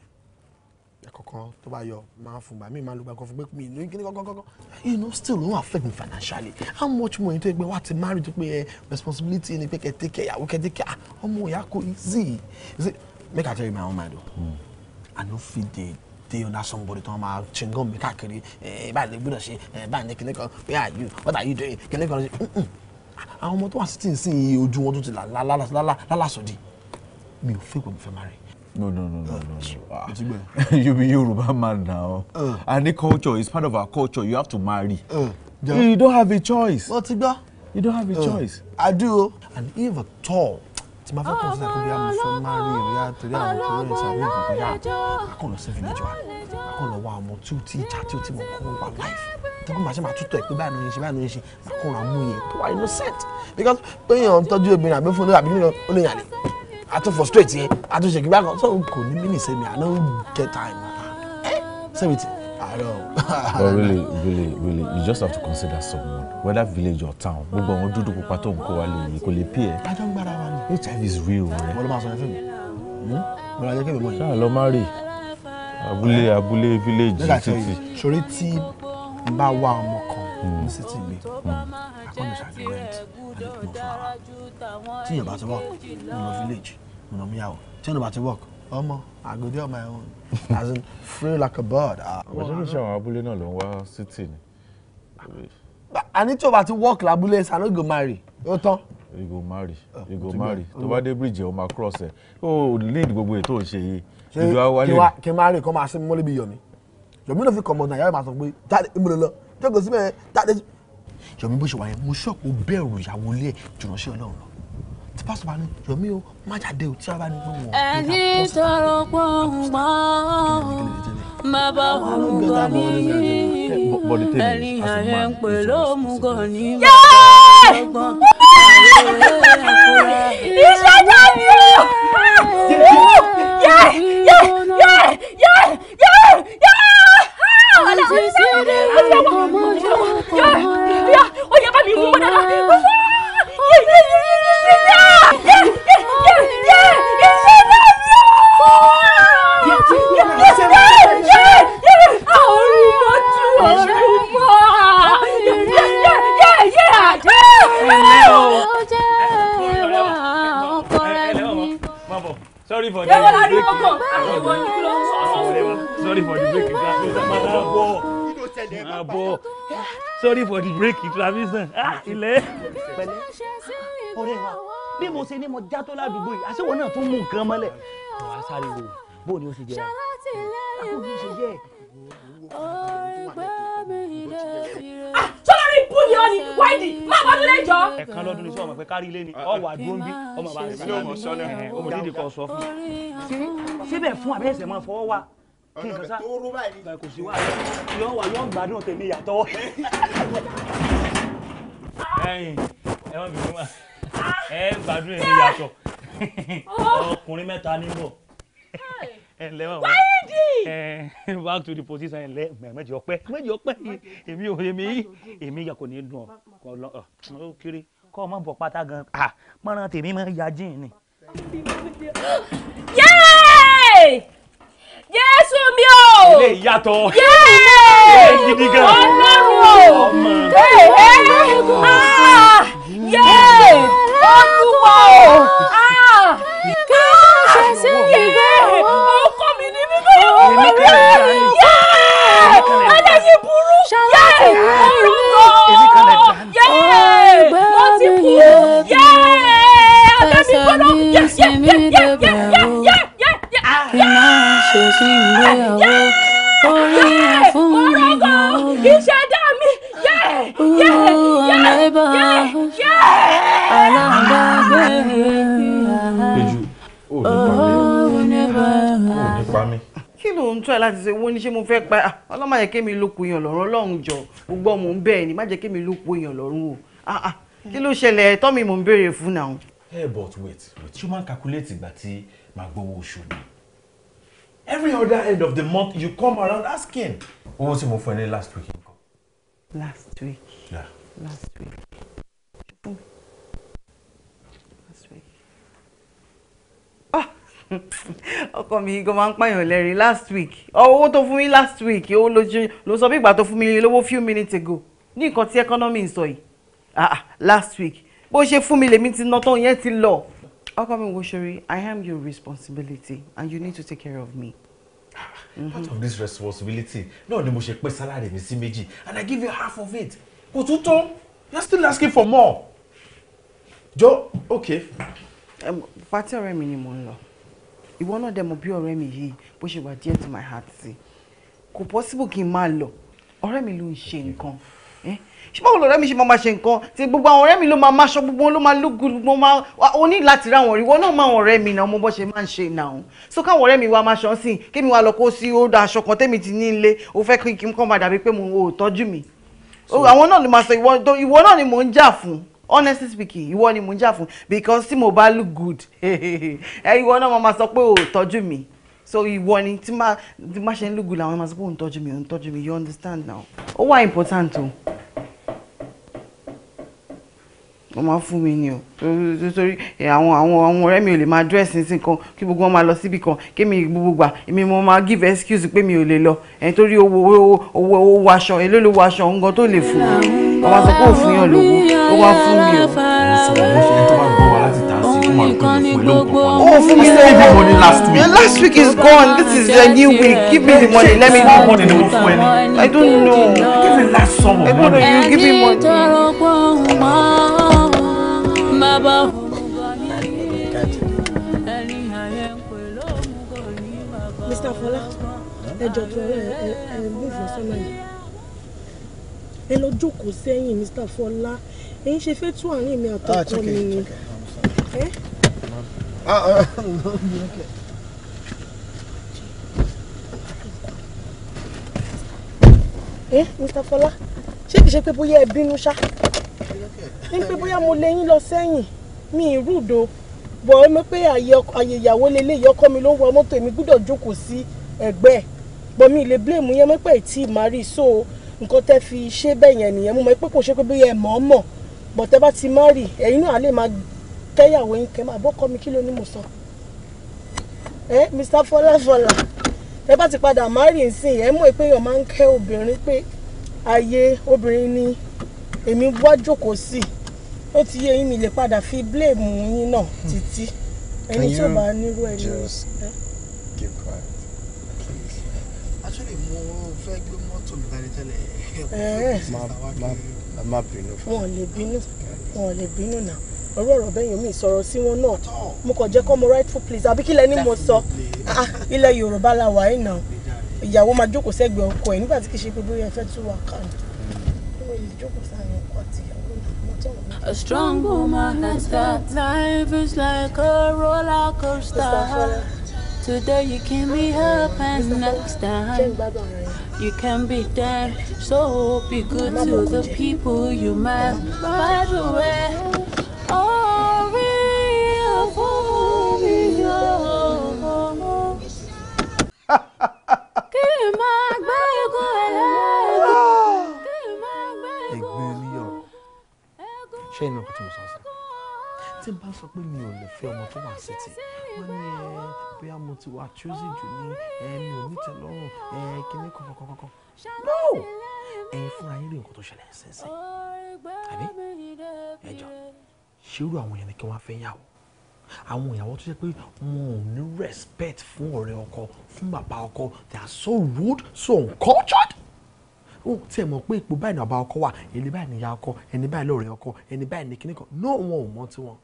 ẹ̀kọ̀kan tó bá yọ máa fún bàmí máa lùgbà kan fún pé mi ní kíní kankan you know still ló affect me financially how much money tó yẹ pé wà á ti marry tó pé eh, responsibility ni pé kẹ́ take care ìyàwó kẹ́ take care ah, ọmọ ìyá kò easy make I tell you my own mind o I no fit dey dey under somebody tó máa chingan mi káàkiri eh, báyìí lè gbọ́dọ̀ ṣe eh, báyìí ní kíní kan where are you what are you doing kíní kan ṣe àwọn ọmọ tó wà sítì sí iye ojú wọn tó ti lálásọdí mi ò fẹ́ pé mo fẹ́ máa rẹ̀. no no no no no ah. you be Yoruba man now uh. and the culture is part of our culture you have to marry uh, yeah. you don't have a choice. wọ́n ti gbá. you don't have a uh, choice. I do and if at all tí máa fẹ́ kàn sí àkóbí àmọ̀fọ́nmárì ìrìà torí àwọn parents àbí ìbùkún yá akọ̀lọ̀ sí village wa akọ̀lọ̀ wa àmọ́ tí ó ti ìjà tí ó ti mọ̀ kọ́ wa life dúkú màá ṣe máa tútọ̀ ẹ̀ pé báyìí ló ṣe báyìí ló ṣe máa kóra mú yẹn tó wà innocent because pé èèyàn ń tọ́jú obìnrin àbí fún un àbí nínú ó lè yàn lè a tún frustrate yẹn a tún ṣe kí so kò ní mí nìṣe mi i no get time eh? sẹ́mi ti but really really really you just have to consider someone whether village or town gbogbo àwọn dúdú pupa tó ń kó wa lè yí kò lè pè é. ajọ́ ń gbára wa ni. hiv is real rẹ. Eh? wọ́n ló máa sọ ẹ fún mi. mo hmm? ra jẹ́ kébè mọ́ yìí. ṣáà lọ má rè abúlé abúlé village títì. sori tí n bá wá ọmọ kan hmm. ní sítì gbé àkọ́ni ṣàgbéwẹ̀ntì àdìpọ̀ fún ara tí yóò bá ti work mo lọ village mo lọ múyàwó tí yóò bá ti work ọmọ I go do on my own as in free like a bird. ọ̀sẹ̀ kìí ṣe àwọn abúlé náà ló ń wá sítì ni. àní tí o bá ti work lábúlé ṣá ló go marry ó tán you go marry oh, you go marry tó bá dé bridge ẹ o máa cross ẹ o lead gbogbo ètò òṣèyí ìlú awálé. kí n máa rí kó máa sí mọ́lẹ́bí yọ̀ mí yomi náà fi kọ̀mọ̀ náà yàrá máa sọ pé jáde ìmúlò lọ jókòó sí mẹ́rin jáde. yomi bó ṣe wà yẹn mo ṣọ́ọ̀kù bẹ̀rù ìyàwó ilé jùlọ sí ọlọ́run lọ tí pásítọ̀ bá yomi o má jáde o tí a bá ní gbọ́n wọn. ẹni
tọrọ pọ̀npọ̀n bàbá òmùgọ̀ ní ẹni àyẹ̀ ń pè lómùgọ̀ ní bàbá òmùgọ̀ ìṣẹ́jà mi o. Yeah! Yeah! Yeah! Yeah! Yeah! Yeah! wàhálà ó ti dá ó ti dá wà yọ yọ ó yẹ bá mi mú mọ́dá lọ. Yeah! Ah, ah, sorry for the break. yẹ́wọ́n ládùúgbò kan àtẹ̀wọ́ ní kúlọ̀ sọ́sọ́. sorry for the break ìgbàgbọ́
máa bọ̀
sorry for the ah, break ìtúramisàn ilẹ̀. pẹ̀lẹ́ ọ̀rẹ́ wa bí mo ṣe ní mo já tó ládùúgbò yìí àṣewọ náà tún mú nǹkan mọ́lẹ̀. wàá sáré wo bóun ni ó ṣe jẹ sọlọ́rí
bú ni ọ́ ni wáìdì má bá tún lè jọ.
ẹ̀kan lọ́dún ní sọ ma pé kárí ilé ni ọ̀wà dúró bí ọmọ bá rẹ̀ sílẹ̀ ọmọ sọlẹ̀ ọmọ dídì kan sọ fún un.
síbẹ̀ fún abẹ́ ẹsẹ̀ máa fọwọ́ wa kí n kan sá kò sí wa yọ wà yọ gbádùn tèmi yàtọ̀.
ẹyin ẹ má bínú
wa ẹ gbádùn èmi yàtọ̀ ọkùnrin mẹ́ta níbọ̀
ẹ lẹ́wọ̀n wa. wáyé di Eh, back to the position mẹ́jọ pẹ́ mẹ́jọ pẹ́ èmi ò èmi èmi yà kò ní dùn ọ ó kéré kọ́ ọ má
bọ̀ pátá gan ah, mọ́ràn tèmi máa ya jíìn ni.
Jésù mi o. ilé ìyàtọ̀. yéé gidi gan. ọlọ́run o. yéé ọdún wa o. Ah! káàkiri ìgbẹ́. onídẹ̀bẹ̀wò ah. kí máa ṣe sí ìgbéyàwó orí ẹ̀ fún mi gan ah. o. ìṣẹ̀dá mi ọ̀nẹ́bà alága bẹ́ẹ̀. ọ̀nẹ́bà
nípa mi. kí ló ń tọ́ ẹ láti ṣe wọ́n ní ṣé mo fẹ́ pa ah, ọlọ́mọ jẹ́ kémi ló kun èèyàn lọ́rùn ọlọ́run jọ gbogbo ọmọ ń bẹ́ẹ̀ ni má jẹ́ kémi ló kun èèyàn lọ́rùn o kí ló ṣẹlẹ̀ tọ́mi mò ń béèrè fún náà
hey eh, but wait wait you man máa ń calculate ìgbà tí màá gbowó oṣù mi every other end of the month you come around asking owó tí mo fún ní last
week. last week. Yeah. last week. Hmm. last week. Ah! ọkọ mi gan máa ń pààyàn lẹ́rìn last week owó tó fún mi last week owó ló sọ bí ìgbà tó fún mi lówó few minutes ago ní nǹkan tí economy ń sọ yìí ah, ah. last week bó ṣe fún mi lèmi ti ná tán yẹn ti lọ. ọkọ mi wo ṣeré i am your responsibility and you need to take care of me. Mm part of
this responsibility náà ni mo ṣe pín salary mi sí méjì and i give you half of it kò tún tán you are still asking for more.
jọ okay. pati ọ̀rẹ́ mi ni mo ń lọ ìwọ náà dẹ̀ mọ̀ bí ọ̀rẹ́ mi yìí bó ṣe wà díẹ̀ to my heart sí kò possible kí n máa lọ ọ̀rẹ́ mi ló ń ṣe nǹkan. Okay ṣé báwo lọ̀rẹ́ mi ṣe máa ṣe nǹkan tí gbogbo àwọn ọ̀rẹ́ mi ló máa máṣọ gbogbo ló máa lúgù gbogbo máa ó ní láti ra àwọn ìwọ náà máa wọn ọ̀rẹ́ mi náà mo bọ́ ṣe máa ń ṣe náà so káwọn ọ̀rẹ́ mi wá máa ṣọ́ sí i kémi wá lọ kó sí ó da aṣọ kan tẹ́mi ti ní ilé ó fẹ́ kí n kàn máa dàbí pé mo ò tọ́jú mi àwọn náà ló máa sọ ìwọ náà ni mò ń jà fún honestly speaking ìwọ ni mò ń jà fún because tí mo bá look good ìwọ náà máa sọ pé ò tọ́jú mi so ìwọ ni tí má ṣe ń look good làwọn máa sọ pé ò ń tọ́jú mi ò ń tọ́jú mi you understand now ó wà important o. Oh wọ́n máa fún mi ni o torí eh, àwọn àwọn àwọn ọ̀rẹ́ mi ò lè máa dress nísìn kan kí gbogbo wọn máa lọ síbì kan kémi gbogbo gbà èmi mo máa give excuse pé mi ò lè lọ ẹ̀yìn torí owó owó owó owó aṣọ èló lówó aṣọ nǹkan tó lè fún mi wọ́n máa sọ pé òfin yàn lówó ó wá fún mi o.
Oh, fún mi lówó. me last week. Last week is gone. This is the new week. Give me the money. Let me know.
I don't know. Give me last summer. I don't know. You give me
money.
Mr. Fọlá
ẹjọ tó ẹ ẹ ẹ bí ìfọsọ́nà yìí ẹ lọ jókòó sẹ́yìn Mr. Fọlá ẹ ń ṣe fẹ́ tú àárín mi àtọkọ
ah, mi ni. Ah, ah,
Mr. Fọlá ṣé kìí ṣe pé bóyá ẹ bínú ṣá ní pé bóyá mo lè yín lọ sẹ́yìn mi ì rúdo bọ̀ ọ́ mi pé àyè ìyàwó lélẹ́yìí ọkọ mi ló ń wọ mọ́tò èmi gbúdọ̀ jókòó sí ẹ̀gbẹ́ bọ̀ mi lè blame yẹn mọ́ pé ètí ìmárì so nǹkan tẹ́ fi ṣe bẹ́ẹ̀ yẹn nìyẹn mo mọ̀ pé kò ṣe pé bóyá ẹ̀ mọ̀ ọ́ mọ̀ bọ̀ tẹ́ bá ti márì ẹ̀yin náà lè máa kẹ́yàwó yín kẹ́ máa bọ́kọ mi kí ló ní mo sọ. ẹ Mr Fọláfọlá ẹ bá ti padà márì nsìn ẹ mọ̀ pé èèyàn máa ń kẹ́ obìnrin pé ayé obìnrin ni èmi wá jókòó sí i ó ti yé yín mi lè padà fi blame yín náà hmm. títí ẹni tí ò bá nírú ẹni
keep quiet please. actually mo fẹ́ gbé mọ́tò mi dání tẹ́lẹ̀ ẹ̀ eh. má bínú
fún mi. wọn ò lè bínú wọn ò lè bínú náà ọ̀rọ̀ ọ̀rọ̀ bẹ́yìn mi sọ̀rọ̀ sí wọn náà mo kàn jẹ́ kọ́ mo rightful place àbí kí lẹ́ni mo sọ ah, ah, ilẹ̀ Yorùbá la wà yìí náà ìyàwó máa jókòó sẹ́gbẹ̀ẹ́ ọkọ ẹ̀ nígbà tí kì í ṣe pé bóyá ẹ fẹ́ tún wà
kàn ní A strong woman has got life is like a roller coaster. Today you can be up and next time you can be down. So be good to the people you met. By the way, oh, Kiri magbaye ko ẹlẹ́gbẹ̀ẹ́.
ṣé inú ọkọ̀ tí mo tí n bá sọ pé mi ò lè fẹ́ ọmọ tó wà sétí wọ́n ní ẹ eh, bóyá mo ti wà choosy jù ní ẹ eh, mi ò ní tẹ́lọ́rùn ẹ eh, kíní kọ̀kọ̀kọ̀kọ̀ no ẹ̀yin fúnra yín rí nǹkan tó ṣẹlẹ̀ ṣẹ̀ṣẹ̀ àbí ẹ jọ ṣerú àwọn yẹn ni kí wọ́n fẹ́ yàwó àwọn ìyàwó tó ṣe pé wọn ò ní respect fún ọ̀rẹ́ ọkọ fún bàbá ọkọ they are so rude so uncultured ó tiẹ̀ mọ̀ pé ipò báyìí ní bàbá ọkọ wà ẹni báyìí ní ìyá ọkọ ẹni báyìí lọ́rẹ̀ẹ́ ọkọ ẹni báyìí ní kíníkan náà wọn ò mọ tiwọn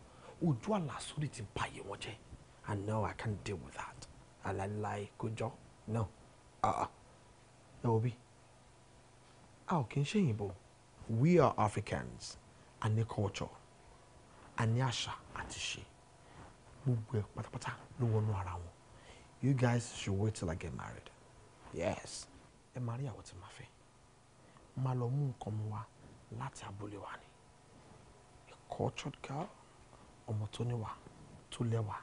ojú àlà sórí ti ba wọn jẹ́ and now I can't deal with that àlàláì kò jọ no uh-uh. ẹ wò bí a ò kí n ṣe òyìnbó we are Africans a ní culture a ní àṣà àti ṣe gbogbo ẹ pátápátá ló wọnú ara wọn you guys should wait till I get married yes ẹ máa rí àwọn tí màá fẹ́ máa lọ mú nǹkan mu wá láti abúlé wa ni a cultured girl ọmọ tó níwà tó lẹ́wà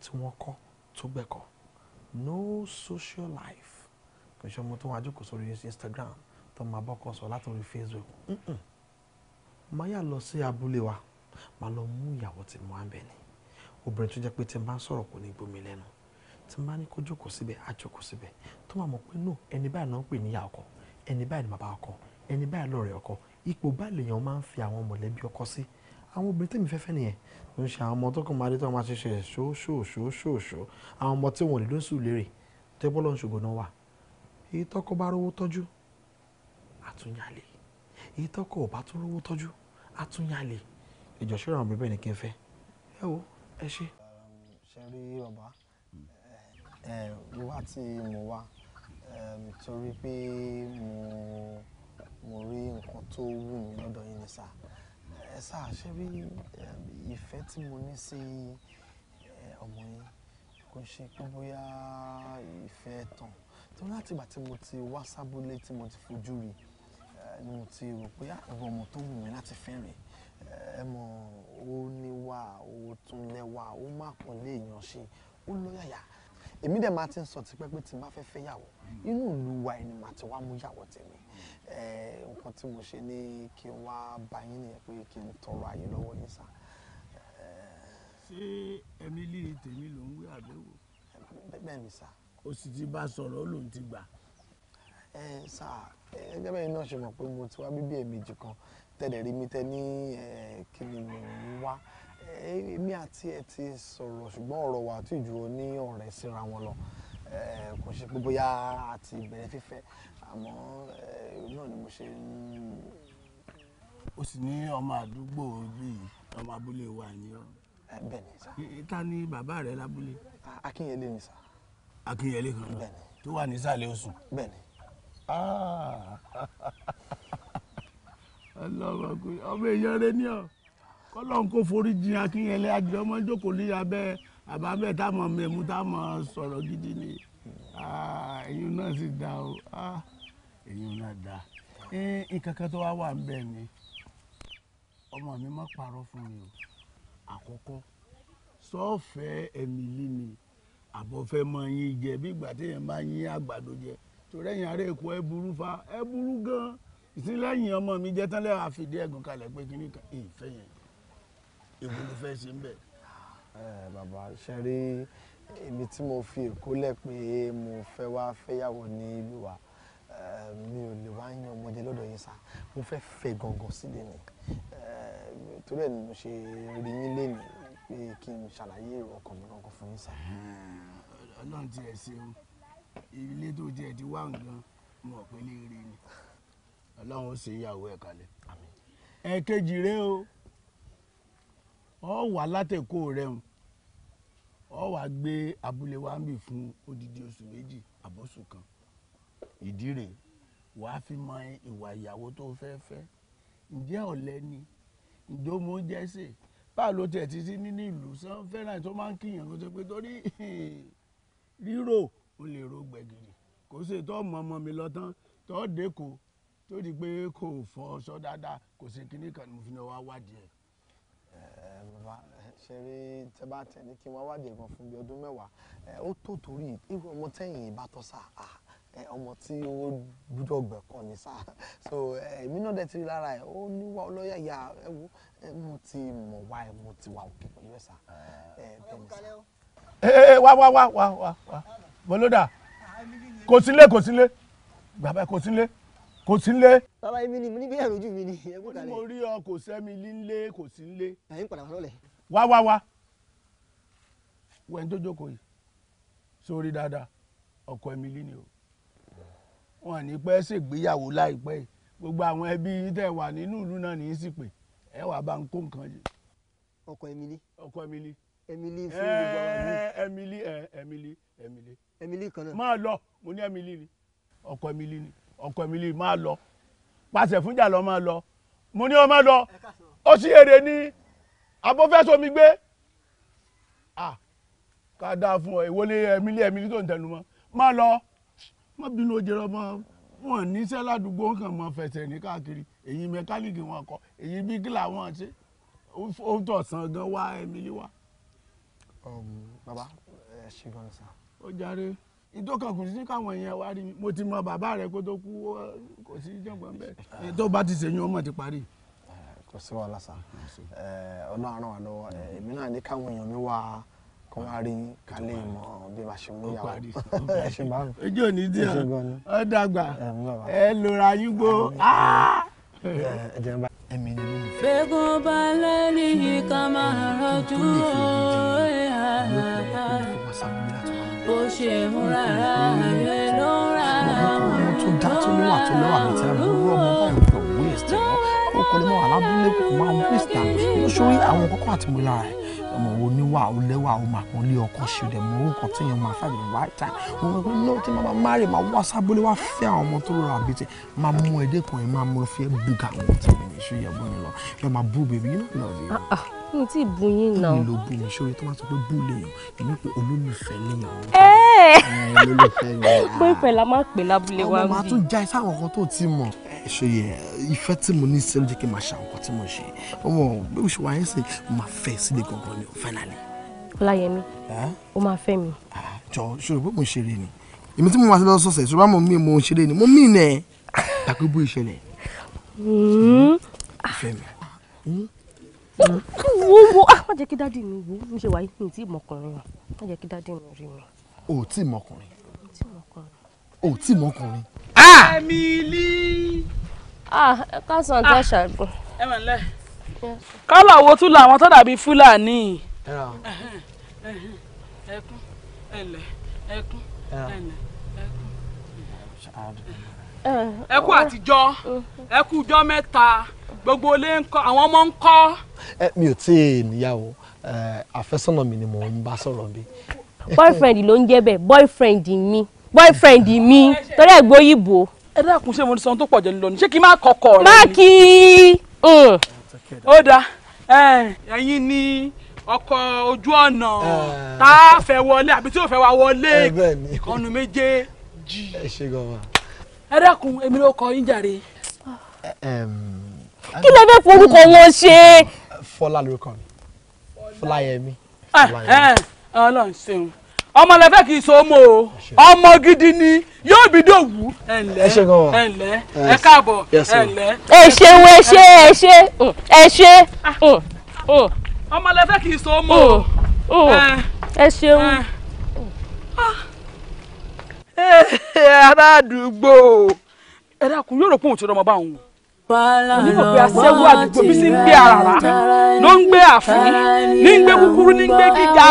tí wọ́n kọ́ tó gbẹ̀kọ́ no social life kò ṣe ọmọ tó wá jókòó sórí Instagram tó máa bọ́kọ sọ látòrí Facebook máa yà lọ sí abúlé wa máa lọ mú ìyàwó tí mo wá ń bẹ̀ ni obìnrin tó jẹ́ pé tí n bá ń sọ̀rọ̀ kò ní gbómi lẹ́nu tí n bá ní kó jókòó síbẹ̀ á jókòó síbẹ̀ tó máa mọ̀ pé no ẹni báyìí náà ń pè níyà ọkọ ẹni báyìí ni bàbá ọkọ ẹni báyìí lọ́rẹ̀ ọkọ ipò báyìí lèèyàn máa ń fi àwọn mọ̀lẹ́bí ọkọ sí àwọn obìnrin tèmi fẹ́fẹ́ nìyẹn ló ń ṣe àwọn ọmọ tó kàn máa dé tó máa ṣiṣẹ́ ṣóṣóṣóṣóṣó àwọn ọmọ tí wọn lè lóṣù lérè tẹ́bọ́lọ́ ṣògbọ́n náà wà èyí tọ́kọ bá rówó tọ́jú àtúnyàlè èyí tọ́kọ ò bá tún rówó tọ́jú àtúnyàlè ìjọ ṣọ́ra àwọn bẹ́bẹ̀ ni kí n fẹ́ ẹ wo ẹ ṣe. ṣe rí ọba wíwá tí mo wá torí pé mo mo rí nǹkan tó wù mí lọ́dọ̀ yín ni sà ẹ sà ṣé rí ìfẹ́ tí mo ní sí ọmọ yín kò ṣe pé bóyá ìfẹ́ tán tó láti ìgbà tí mo ti wá sábúlé tí mo ti fojú rí ni mo ti rò pé àwọn ah, ọmọ tó wù mí láti fẹ́ rèé ẹ mọ̀ ó níwà ó tún lẹ́wà ó má pọ̀ lé èèyàn ṣe ó lọ́yàyà èmi dẹ̀ máa ti ń sọ tipẹ́ pé tí n bá fẹ́ fẹ́ yàwó inú ìlú wa ẹni màá ti wá mú yàwó tèmi nǹkan tí mo ṣe ní kí n wá bá yín nìyẹn pé kí n tọrọ àyè lọ́wọ́ yín sá. ṣé Emily tèmi ló ń wí àbẹ̀wò. bẹ́ẹ̀ ni sá. o sì ti bá a sọ̀rọ̀ ó lòun ti gbà. ẹ sá ẹgbẹ́ bẹ́ẹ̀ náà ṣe mọ̀ pé mo ti wá bíbí ẹ̀ẹ̀mejì kan tẹ̀lé rí mi tẹ́ ní kí ni mo ń wá. Eh, èmi àti ẹ ti sọ̀rọ̀ ṣùgbọ́n ọ̀rọ̀ wa àti ìjù ní ọ̀rẹ́ síra wọn lọ eh, kò ṣe pé bóyá àti ìbẹ̀rẹ̀ fífẹ́ àmọ́ eh, náà ni mo ṣe ń. o sì ní ọmọ àdúgbò bíi ọmọ abúlé wa ni ọ. bẹ́ẹ̀ ni sá. ta ni bàbá rẹ lábúlé. akínyẹlé ni sá. akínyẹlé kan náà tó wà nísàlẹ̀ Ọ̀ṣun. bẹ́ẹ̀ ni. Ah! ọmọ èèyàn rẹ ní ọ kọ́lọ́n kó forí jin akínyẹlé àjọ ọmọ jókòó lé abẹ́ àbábẹ́ táwọn mẹ̀mú táwọn sọ̀rọ̀ gidi ni ẹ̀yin náà sì dá o ẹ̀yin náà dá nǹkan kan tó wá wà ńbẹ̀ ni ọmọ mi má parọ́ fún mi o àkọ́kọ́ sọ́ọ̀fẹ́ Emily ni àbọ̀fẹ́ mọ yín jẹ bí ìgbà téèyàn bá yín àgbàdo jẹ torí ẹ̀yìn ará èkó ẹ burú fa ẹ burú gan ìsínlẹ̀yìn ọmọ mi jẹ́ tán lẹ́wọ̀ àfìdí ẹ̀gùn kalẹ̀ pé kíní kan ìfẹ́ yẹn èwo ló fẹ́ ṣe ń bẹ̀. bàbá ṣe rí ibi tí mo fi èkó lẹ̀ pé mo fẹ́ wá fẹ́yàwó ní ibi wa mi ò lè wá yan ọmọdé lọ́dọ̀ yín sá mo fẹ́ fẹ́ gangan sílé ni torí ẹ̀ ni mo ṣe rí yín lénìí pé kí n ṣàlàyé ọkàn mi gangan fún yín sá. ọlọ́run ti ẹ̀ ṣeun ilé tó jẹ́ ti wá nǹkan mo pé ní rí ni ọlọ́run ó ṣe ìyàwó ẹ̀ kalẹ̀ ẹ̀kejì rẹ o ọ wà látẹ̀kọ́ rẹ̀ hàn ọ wà gbé abúlé wa ń bì fún odidi oṣù méjì àbọ̀sù kan ìdí rèé wàá fi mọ ìwà ìyàwó tó fẹ́ fẹ́ ǹjẹ́ ọ̀lẹ ni ǹjẹ́ ọmọ oúnjẹ sè báà ló tẹ̀ títí nínú ìlú sàn fẹ́ràn tó máa ń kíyàn kó tó pé torí rírò ó lè ro gbẹ̀gìrì kò sí tó mọ ọmọ mi lọ tán tó dẹ́kọ̀ tó di pé kò fọ ọṣọ dáadáa kò sí kinní kan ní mo fi ní ọwọ́ wádìí ẹ̀ ṣeré tẹ́ bá tẹ̀lé kí wọ́n wádìí ẹ̀gbọ́n fún bí ọdún mẹ́wàá ó tó torí irú ọmọ tẹ́yìn ìbátọ́ sá ọmọ tí ó gbúdọ̀ gbẹ̀kọ́ ni sá so èmi náà dẹ̀ ti rí lára ẹ̀ ó níwá ọlọ́yà ìyá ẹ wo mo ti mọ̀ wá ẹ mo ti wà òkè pẹ̀lú ẹ̀ sá ah. bẹ́ẹ̀ ni sá. ee wá wá wá wá wá bọ́lódà kò sílé kò sílé bàbá kò sílé kò sí nlé. bàbá mi ni mo ní bí ẹrù ojú mi ni. mo rí ọ kò sẹ́mi nílé kò sí nlé. ẹ̀yin padà wà lọ́lẹ̀ wá wá wá wẹ́n tó jókòó yìí sórí dáadáa ọkọ Emily ni o wọn ní pẹ́ ṣègbéyàwó láìpẹ́ yìí gbogbo àwọn ẹbí tẹ̀ wà nínú ìlú náà ní í sì pé ẹ wà bá ń kó nǹkan yìí. ọkọ Emily. ọkọ Emily. Emily fún gbogbo àwọn mi. Emily Emily Emily. Emily kan náà. máa lọ mo ní Emily ni ọkọ Emily ni ọkọ Emily máa lọ pàṣẹ fúnjà lọ máa lọ mo ní ọ máa lọ ó sì èrè ní abọ́fẹ́sọ mi gbé ah ká dáa fún ọ ìwọlé ẹ̀mí lé ẹ̀mí tó ń tẹnu mọ́ má lọ má bínú ojèrè ọmọ wọn níṣẹ́ ládùúgbò kan mọ fẹsẹ̀ ní káàkiri èyí mẹkáníìkì wọn kọ èyí bíríkìlà wọn ṣe ó tọ̀ sàn gan wá ẹ̀mí lé wa. bàbá ẹ ṣe gan sa. ó jàre ìdókankùn sí káwọn èèyàn wá rí mi mo ti mọ bàbá rẹ kó tó kú kò sí jọ̀gbọ́n bẹ́ẹ̀ tó bá ti ṣèyún ọmọ ti parí kò sí wàhálà sá ọ̀nà àrùn àná eh, èmi náà ní káwọn èèyàn mi wá kó wá rí kálẹ̀ mọ́ bí màá ṣe mú yàwó ẹ ṣe bá mi. ojú òní dí ọ ọ dàgbà eh, ẹ lora yín gbó. Ah! Eh,
ẹ̀mí balẹ̀ ní ìka máa rọ́jú bó ṣe mú rárá rẹ̀ ló rárá. ọmọ tó dá tó lówà tó lówà mi tẹ́lẹ̀
mú rọ́ọ̀mù
báyìí kò lè mọ alábúlé kò máa ń bí sítà inú sórí àwọn kọ́kọ́ àtìmọ́lá rẹ̀ ọmọ oníwà olẹ́wà ọmọ àpọ́nlé ọkọ̀ ṣùdẹ̀ mọ orúkọ tí èèyàn máa fàgbẹ̀ wá ìta wọn wọ́n pé náà tí màmá márì máa wá sábólé wá fẹ́ àwọn ọmọ tó rọra bìtẹ̀ máa mú ẹdẹ kan ẹ máa mú ọ fẹ́ bùgà àwọn tí mi ṣe yẹ bọ́ mi lọ yọ máa bú bèbí ah, ah, yín náà lọ rí i. mo ti bù yín náà. mi ló bù mí sórí tó bá sọ pé bù lèèyàn èmi pé olólùfẹ́ lèèyàn.
Eh!
olólùfẹ́ lèèyàn. pé pẹ̀lú a máa pè lábúlé wa bí. ọmọ máa tún já ẹ sáwọn kan tó ti mọ̀.
So yɛ ifa te mu ne nsɛm gye ke mahyɛ nkɔte mu hwee ɔmɔ bɛwuhyɛ wayɛ sɛ mafɛ sede gɔgɔne finally Olayemi. O ma fẹ́ mi. Jọ ṣòro pé mo ń ṣeré ni. Èmi tí mo máa ṣe lọ sọ̀sẹ̀ ṣòro bá mo mí mo ń ṣeré ni. Mo mí nẹ̀. Tàkó bó ìṣẹ̀lẹ̀.
Hmm. Fẹ́ mi. Hmm. Wo wo ah, má jẹ́ kí dádì mi wo mi ṣe wáyé mi tí mọkùnrin má jẹ́ kí dádì mi rí mi.
O ò tí mọkùnrin. O ò tí mọkùnrin.
Ah! Emily. ah, ah! ẹ káàsán ọjọ́ ṣàgbọ́n. ẹ mà lẹ.
kálọ̀ wo tún làwọn tó dàbí fúlàní. ẹkún ẹlẹ ẹkún ẹlẹ ẹkún. ẹkú àtijọ́ ẹkú ọjọ́ mẹ́ta gbogbo ilé ń kọ́ àwọn ọmọ ń kọ́.
mi ò tí ì níyàwó àfẹ́sọ́nà mi ni mò ń bá sọ̀rọ̀ bí.
boyfriend ló ń jẹ́ bẹ́ẹ̀ boyfriend mi boyfriend mi torí ẹ̀gbọ́n òyìnbó. ẹ dákun ṣé mo ti sọ tó pọ̀ jẹ́ lọ ni ṣé kí n má
kọkọ rẹ. má kí i. ó dáa ẹ̀yin ni ọkọ̀ ojú ọ̀nà tá a fẹ́ wọlé àbí tí ò fẹ́ wa wọlé ìkànnì méjèèjì. ẹ dákun èmi ló kọ yín jàre. kí lè fẹ́ forúkọ wọn ṣe.
fọlá lórúkọ mi fọláyẹmí.
Ah, eh, ọlọ́run ṣeun ọmọ lẹfẹ kì í so ọmọ o ọmọ gidi ni yóò bí dòwú. ẹ ǹlẹ́ ẹ ǹlẹ́ ẹ káàbọ̀ ẹ ǹlẹ́. ẹ ṣeun ẹ ṣe ẹ ṣe
ẹ ṣe. Ah. Mm, mm.
ọmọ lẹfẹ kì í so ọmọ
o mm, ẹ ṣeun.
aládùúgbò ah. eh, ẹ dákun yóò rò pé òun ti rọmọ báwọn o
onímọ̀ pé aṣẹ́wó àdúgbò bí sí ń gbé àràrá
ló ń gbé àfín ní ń gbé kúkúrú ní ń gbé gíga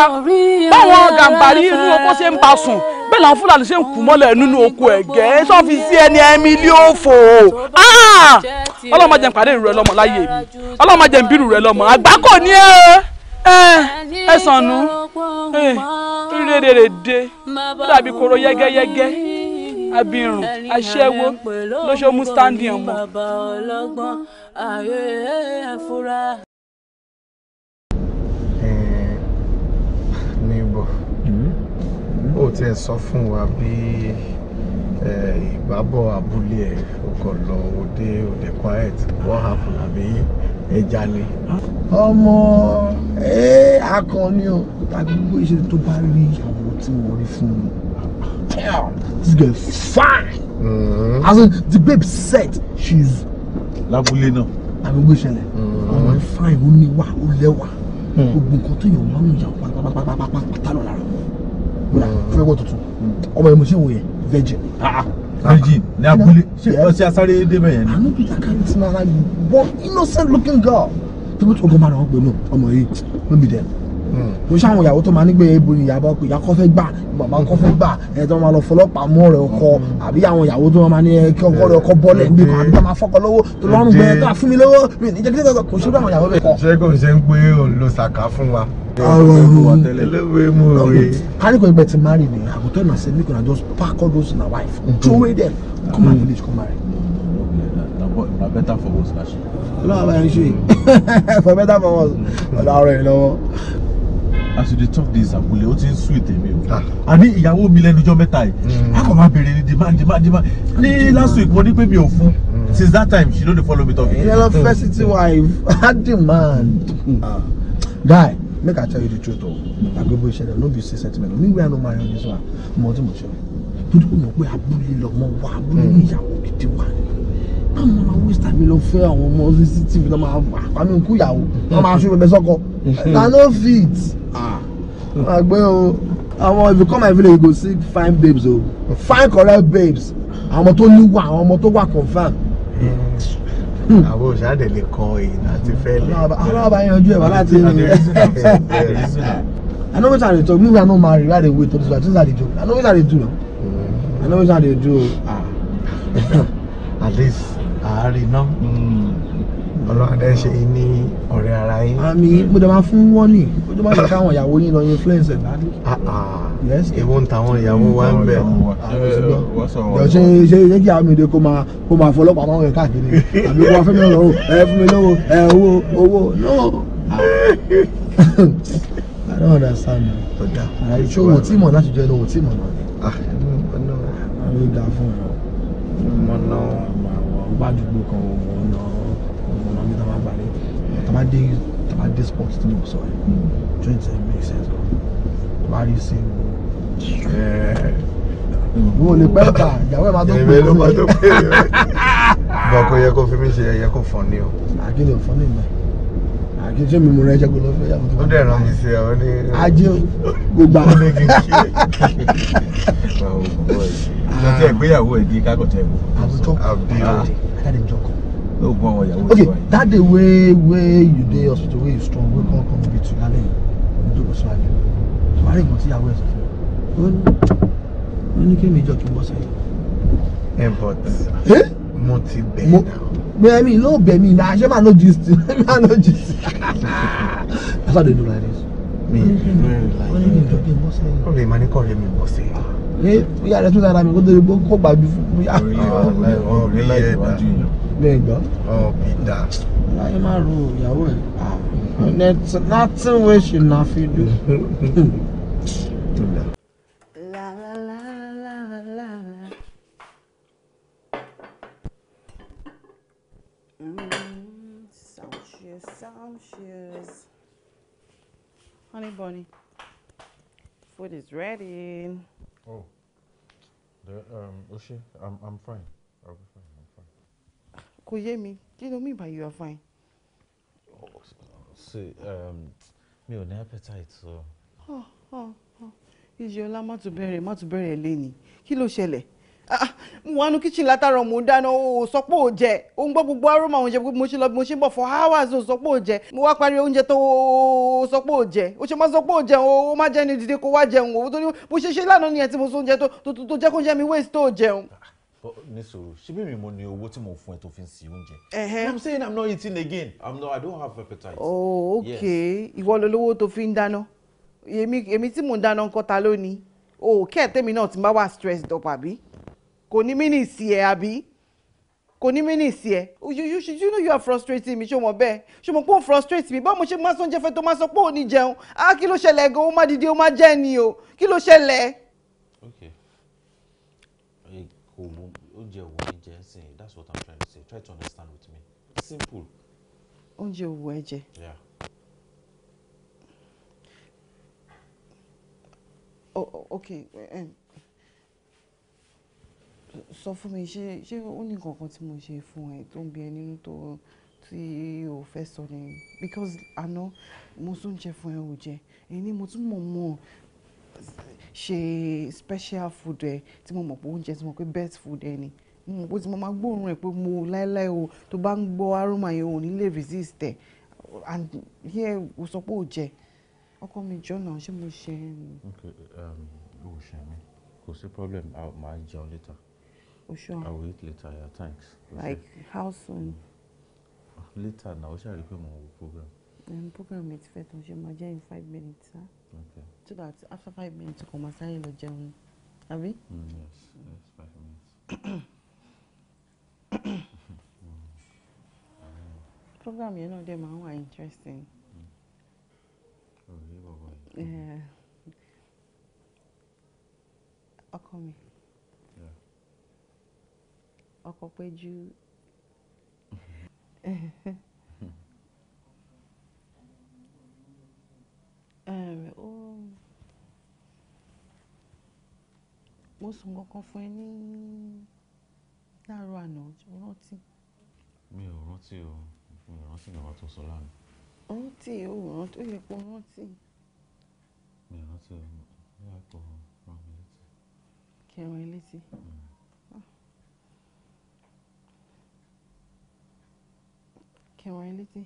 báwọn gàǹbarí inú oko ṣe ń ba sùn bẹ́ẹ̀ làwọn fúlàní ṣe ń kú mọ́lẹ̀ nínú oko ẹ̀gẹ́ sọ́fi sí ẹni ẹ̀mí lé òfò ah! ọlọ́mọdé ń pàdé ìrù rẹ lọ́mọ láyé mi ọlọ́mọdé ń bírù rẹ lọ́mọ àgbá kò ní ẹ ẹ sànú rí rèdèrèdè ó dàbí koro yẹ́gẹ́yẹ́gẹ́
abirùn aṣẹ́wó lóṣó mú stanley ọmọ. bàbá ọlọ́gbọ́n ayé ẹ̀fúra.
Hmm? Hmm? sọ fún wa bí ìbábọ̀ abúlé ẹ̀ ó lọ òde òde quiet what happen àbí ẹja ni. ọmọ akọni o tàbí gbogbo ìṣèlú tó bá rí ìyàwó tí wọ́n rí fún mi. Damn, this girl is fine. Mm. As in, the babe said she's. Lábúlé náà. Àgbègbè ìṣẹ̀lẹ̀. Mm-hmm. Ọmọ ẹ̀ fine, ó níwà, ó lẹ́wà. Hmm. Gbogbo nǹkan tó yàn máa ń yàn pátápátá lọ lára. Bùrà hmm. fẹ́ wọ tuntun. Hmm. Ọmọ ẹ̀ mo ṣe wò yẹn virgin. Ah, ah. Ah. Virgin ní abúlé. Ṣé ọ̀sẹ̀ asáré débẹ̀ yẹn ni? Àánú bí kàkàrí ti máa ra one innocent looking girl. Tí wọ́n ti ọgọ́ máa ra ọgbẹ́ náà, ọmọ yìí, wọ́n mi dẹ̀ kò sáwọn ìyàwó tó máa nígbè ebo ìyàbọ pé ìyá kò fẹ́ gbà bàbá kò fẹ́ gbà ẹ tó máa lọ fọlọ́pàá mú ọ̀rẹ́ ọkọ àbí àwọn ìyàwó tó máa ní kí ọkọ rẹ̀ ọkọ bọ́lẹ̀ níbi kan àbí tó máa fọkọ lọ́wọ́ tó lọ́rùn bẹ́ẹ̀ tó àfún mi lọ́wọ́ mi ní jẹ́ kí kò sí àwọn ìyàwó bẹ́ẹ̀ kọ́. ṣé kò ṣe ń pé òǹlo sàkà fún wa. káríkò ẹgbẹ́ ti marry ni àgùntàn náà ṣe make una just pack all those na wife mm-hmm. throw away them come mm-hmm. and village come marry. na better for us na she. ọlọ́run àbáyọ ṣe for better for us ọ̀dọ̀ ọ̀rọ̀ yìí lọ́wọ́ as you talk this abule o ti n sweet emi o ani ìyàwó mi lẹnujọ mẹ́ta yìí hmm. a kò máa ni demand demand demand ní hmm. last week mo ní pé mi ò fún hmm. since that time she no dey follow me talk again. yellow fesity wife i demand ah. guy make i tell you the truth o agbebo ìṣẹ̀lẹ̀ no be say sentiment o mi wey i no marry on this one mo ti mo ṣe o torí pé mo pe abúlé lọmọ wa abúlé ní ìyàwó gidi wa ni báwo ni màá waste time lọ fẹ́ àwọn ọmọ cctv náà máa àpamí nkú ìyàwó wọ́n máa fi bẹ̀bẹ̀ sọ́kọ na no fit àgbẹ̀ o àwọn if you come my village you go see fine babes o fine correct babes àwọn ọmọ tó níwà àwọn ọmọ tó wà confam hmm. àwọn òṣàdé lè kọ èyí àti fẹ́lẹ̀. aláàbà yanjú ẹ̀ wá láti ní. I know wetin I dey talk me wey I no marry wey I dey to do this while things I dey do I know wetin I dey do na I know wetin I dey do o. at least àárín náà hmm. ọlọ́run dẹ́ ṣe yín ní ọ̀rẹ́ ara yín. àmì mo dẹ̀ máa fún wọ́nì mo dẹ̀ máa ṣe káwọn ìyàwó yín lọ influence ẹ̀ náà. Ah, ah. èwo ń tàwọn ìyàwó wa ń bẹ̀. yọ ṣe ṣe ṣe kí àmì ìdè kó máa kó máa fọlọ́pàá máa ń rẹ̀ káàkiri
àbí wọ́n fẹ́ mi lọ́wọ́ ẹ fún mi lọ́wọ́ ẹ owó owó lọ́wọ́. Ah.
I don't understand. ọ̀dà ṣé òun tí mọ̀ láti jẹ́ ẹni òun tí mọ̀ náà. àwọn ìgbà fún ẹ̀. mo náà àbúgbà àdúgbò kan ọ̀nà ọ̀nà mi tàbá gbà ní tàbá dé tàbá dé sport tí mo sọ ẹ̀ twenty ten make sense kan tàbá rí sí mo ò lè pẹ́ ta ìyàwó ẹ̀ máa tó pè é ló máa tó pè é bọ̀ kó yẹ kó fi mí ṣe ẹ̀yẹ kó fọ́ ni o. àkìlẹ̀ ò fọ́ ni mẹ́ àkíntì mi mú rẹ jẹ́ kó lọ fẹ́ yàgò tó. ó dẹ̀ ràn mí sí ọ ní. ajé gbogbo àwọn. ó ní kí n kí ẹ. lọ́tẹ̀ ìgbéyàwó ẹ̀ di kákọ̀tẹ̀ ìwò. àbútọ́ àwọn ìyàwó okay that day wey wey you dey hospital wey you strong wey come come be to lálẹ́ yìí ojú kò síwájú tùwárí ìgbọ̀n tí ìyàwó ẹ̀ sọ fún ọ ó ní kí mi jọ kí n bọ́ sẹ́yìn. ẹ bọ̀ tí mo ti bẹ̀rẹ̀ náà. I mean, no baby, nah, she man no gist. Man no gist. That's how they do like this. Me, me. me Okay, oh, man, you call ọ̀rẹ́ ìmọ̀ ní kọ̀ọ̀rẹ́ mi bọ̀ sí. Ní ìyá rẹ̀ tún lára mi kó tóbi oh, gbàgbé fún oh, Ọ̀rẹ́ láì wájú yàn. Bẹ́ẹ̀ oh, Ọ̀bì dà. Láyé máa ro ìyàwó ẹ̀. Ah, nothing wey she na fit do. Tó dáa.
Cheers, Sam. Cheers. Honey bunny. Food is ready.
Oh. The, um, Oshi, I'm, I'm fine. I'll be fine. I'm
fine. Kò yé mi, kí ló mean by you are fine?
see, um, me
on ní appetite, so. Oh, oh, oh. Is your tún to bury? tún bẹ̀rẹ̀ lé ni. Kí ló ṣẹlẹ̀? Ah, mo wà nù kíchìn látàrọ mo dáná o sọ pé o jẹ o ń gbọ́ gbogbo aroma oúnjẹ mo ṣe lọ mo ṣe ń bọ̀ for hours o sọ pé o jẹ mo wá parí oúnjẹ tó o sọ pé o jẹ o ṣe máa sọ pé o jẹ o má jẹ ni dìde kó wá jẹun o torí bó ṣe ṣe lánàá nìyẹn tí mo sọ oúnjẹ tó jẹ́ kó jẹ́ mi waste tó jẹun
ah, oh, ní ṣebí mi mo ní owó tí mo fún ẹ tó fi ń sí
oúnjẹ. i'm saying i'm not eating again i'm not i don't have appetite. oh okay ìwọ ló lówó tó fi ń dáná èmi tí mò ń dáná ń kọ́ta lónìí o kẹ́ẹ̀tẹ́mi náà ti máa wà stressed up kò ní mí ní ìsì ẹ̀ àbí kò ní mí ní ìsì ẹ̀ you you should you know you are frustrating me ṣé mo bẹ́ẹ̀ ṣé mo pé ó frustrate mi báwo mo ṣe máa sọ oúnjẹ fẹ́ tó máa sọ pé ò ní jẹun á ah, kí ló ṣẹlẹ̀ gan ó má dìde ó má jẹ́ ni o kí ló ṣẹlẹ̀. okay
kò mú oúnjẹ òwò ní jẹ ẹsìn that's what i'm trying to say try to understand with me
simple. oúnjẹ òwò ẹ jẹ. yeah. oh, oh okay sọ fún mi ṣé ṣé ó ní nǹkan kan tí mo ṣe fún ẹ tó ń bí ẹ nínú tó tí o fẹ́ sọ ni because àná mo tún jẹ fún ẹ ò jẹ èyí ni mo tún mọ̀ mọ̀ ṣe special food ẹ tí mo mọ̀ pé oúnjẹ tí mo pé best food ẹ ni mo mọ̀ pé tí mo máa gbóòórùn ẹ pé mo láéláé o tó bá ń gbọ́ aroma yẹn ò ní lè resist ẹ and here o sọ pé ò jẹ ọkọ mi jọ̀nà ṣé mo ṣe é.
ok um, o ṣe mi kò sí problem
máa jẹun later. For sure. I will eat later, yeah, thanks. like, see.
how soon?
Mm. Later now, shall we come my program?
The program is fair to my in five minutes, huh? Okay. So that after five minutes, you come and say the gym. Have we?
Mm, yes, yes, five minutes.
program, you know, them are interesting.
Mm. Oh, yeah,
boy. Yeah. I'll ọkọ Péjú mo sùn kankan fún ẹ ní láàárọ̀ àná o rántí.
mi ò rántí o mi ò rántí ìgbà tó sọ lánàá.
rántí o rántí ó yẹ kó rántí.
mi ò rántí o ó yẹ kó rán létí.
kẹrin létí. Mm. kẹwọn ẹ létí.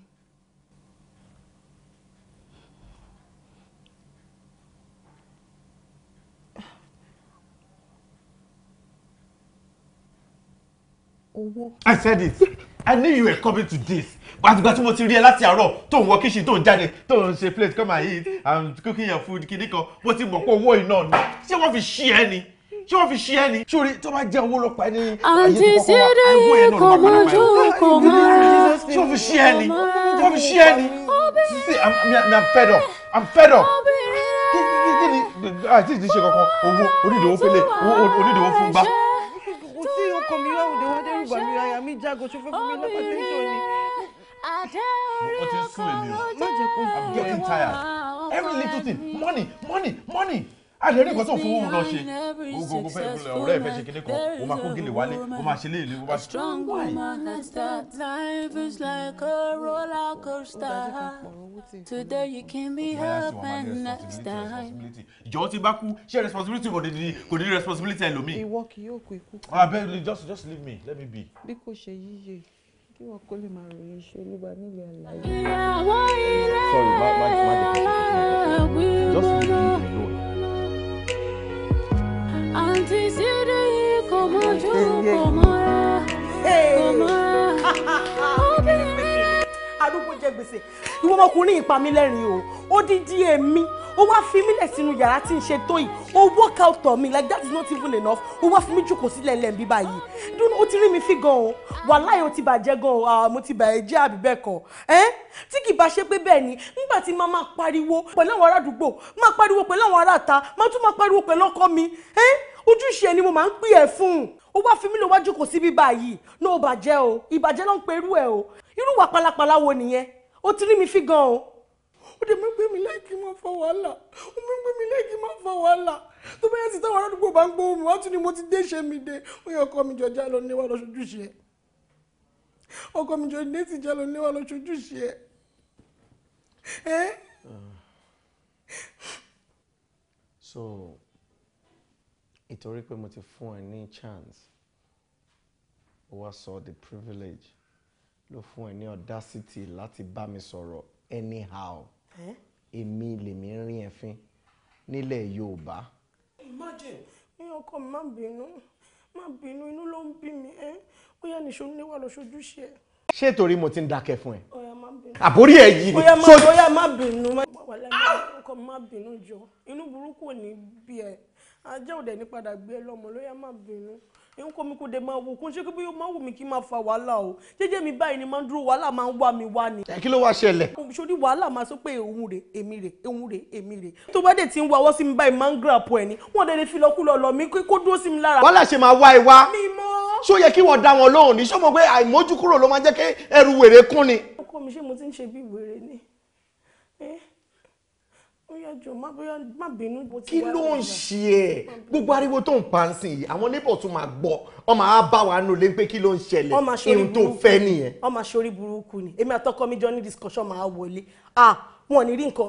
owó.
I said it. I knew you were coming to this. Àtìgbà tí mo ti rí ẹ láti àárọ̀ tó ń wọ kíṣìn tó ń jáde tó ń ṣe plate come and eat and um, cooking your food kìnnìkan mo ti mọ̀ pé owó iná ni. Ṣé wọ́n fi ṣí ẹ ni? ṣé o fi ṣe ẹ ni tó bá jẹ owó lọpa ẹni
àyè tó kọ́kọ́ wá
ẹgbẹ́ yẹn náà lọpa lọpa o fi ṣe ẹ ni o fi ṣe ẹ ni sisi i'm fed up i'm fed up kí ni àti ṣe kankan owó onídìíwó fẹlẹ onídìíwó fún gbá.
kò sí ọkọ mi láwùjọ wá dẹrù bàmí àyà mi jágo ṣe fún mi lọ́pàá
tẹ́ńtọ̀ ni. o ti sún èmi o i'm getting tired every little
thing money money money a lè rí nǹkan tó fowó lọ ṣe ogun ogun fẹ́ ọ̀rẹ́ ẹ fẹ́ ṣe kinní kan o máa kó gèlè wálé o máa ṣe léèlé o máa ṣe. ìjọ tí bá kú ṣé responsibility kò ní kò ní responsibility ẹlòmíì. ìwọ
kì yóò kú ikú. Ah, abeg
just just leave me let me be.
bí kò ṣe yíyẹ kí wọn kó lè máa ròyìn ṣe olúwa nílé àlàyé. ìyàwó ilé ẹ̀wí lọ. just leave me alone
àǹtí sídìí kò mọ̀jú kò mọ̀ra kò
arúgbó jẹ gbèsè ìwọ ọmọkùnrin ìpamí lẹ́rìn o odidi èmi ó wá fi mí lẹ̀ sínú yàrá tí n ṣe tó yìí ó walk out on me like that is not even enough ó wá fi mí jòkó sílẹ̀ lẹ́ẹ̀bí báyìí dún ó ti rí mi fi gan o wàláhì ó ti bàjẹ́ gan o mo ti bàjẹ́ jẹ́ àbí bẹ́ẹ̀ kọ́ ẹ́ tí kì bá ṣe pé bẹ́ẹ̀ ni nígbà tí máa máa pariwo pẹ̀lú àwọn ará àdúgbò máa pariwo pẹ̀lú àwọn ará àta máa tún máa pariwo pẹ̀lú ọkọ mi ẹ́ ojúṣe ni mo máa ń pè ẹ́ fún ó wá fi mí lọ wájú kò sí bíbá yìí ní ó bàjẹ́ o ìbàjẹ́ ló ń pe irú ẹ̀ o irú wà pálapàla wo nìyẹn ó ti rí mi fi gan o.
ó dẹ̀ mọ́ gbé mi láìkí
máa fa wàhálà ó mọ́ gbé mi láìkí máa fa wàhálà tó bá yẹ ti táwọn aládùúgbò bá ń gbóhùn mi wá tún ni mo ti dé ṣe mi dé ó yẹ ọkọ mi jọ já lọ níwá lọ ṣojúṣe ẹ ọkọ mi jọ ní ti já lọ níwá lọ ṣojúṣe ẹ. Ah.
so ìtorí pé mo ti fún ẹ ní chance ó wá sọ the privilege ló fún ẹ ní audacity láti bá mi sọ̀rọ̀ anyhow èmi lèmi rin ẹ̀fín nílẹ̀ Yorùbá.
imagine ní ọkọ mi má bínú má bínú inú ló ń bí mi ẹ ó yá nìṣó níwà lọ sojúṣe ẹ.
ṣé torí mo ti ń dákẹ́ fún ẹ. ọ̀yà má bínú. àbórí ẹ̀ yìí ni. ọ̀yà bínú.
Ah! ọkọ mi má bínú jọ inú burúkú ò ní bí ẹ ajá òde ní padà gbé ẹ lọ́mọ lóyá má bínú ń kó mi kó de máa wò kó ṣé kí bí yóò máa wù mí kí n máa fa wàhálà o jẹ́jẹ́ mi báyìí ni máa ń dúró wàhálà máa ń wá mi wá ni. ẹ kí ló wá ṣẹlẹ̀. sori wàhálà máa sọ pé òun rè èmi rè òun rè èmi rè tó bá dé tí ń wáwọ́ sí mi báyìí máa ń grab ẹ̀ ni wọ́n lè fi lọ́kú lọ́ọ́ lọ mí kó dúró sí mi lára. wàhálà ṣe máa wá ẹ wá
ṣó yẹ kí wọ́n dá wọn lóhùn ní ṣó pé àìmójúkúrò ló máa jẹ́ kí ẹrù wèrè kún ni.
ọkọ mi ṣé mo ti ń ṣe bí wèrè ni eh? kí ló ń
ṣe ẹ gbogbo ariwo tó ń pa ń sìn yìí àwọn neighbor tún máa gbọ́ ọmọ á bá wa nù lé pé kí ló ń ṣẹlẹ̀ irun tó fẹ́ nìyẹn.
ọmọ aṣorí burúkú ni èmi àtọkọ mi jọ ní discussion máa wọlé ah wọn ò ní rí nǹkan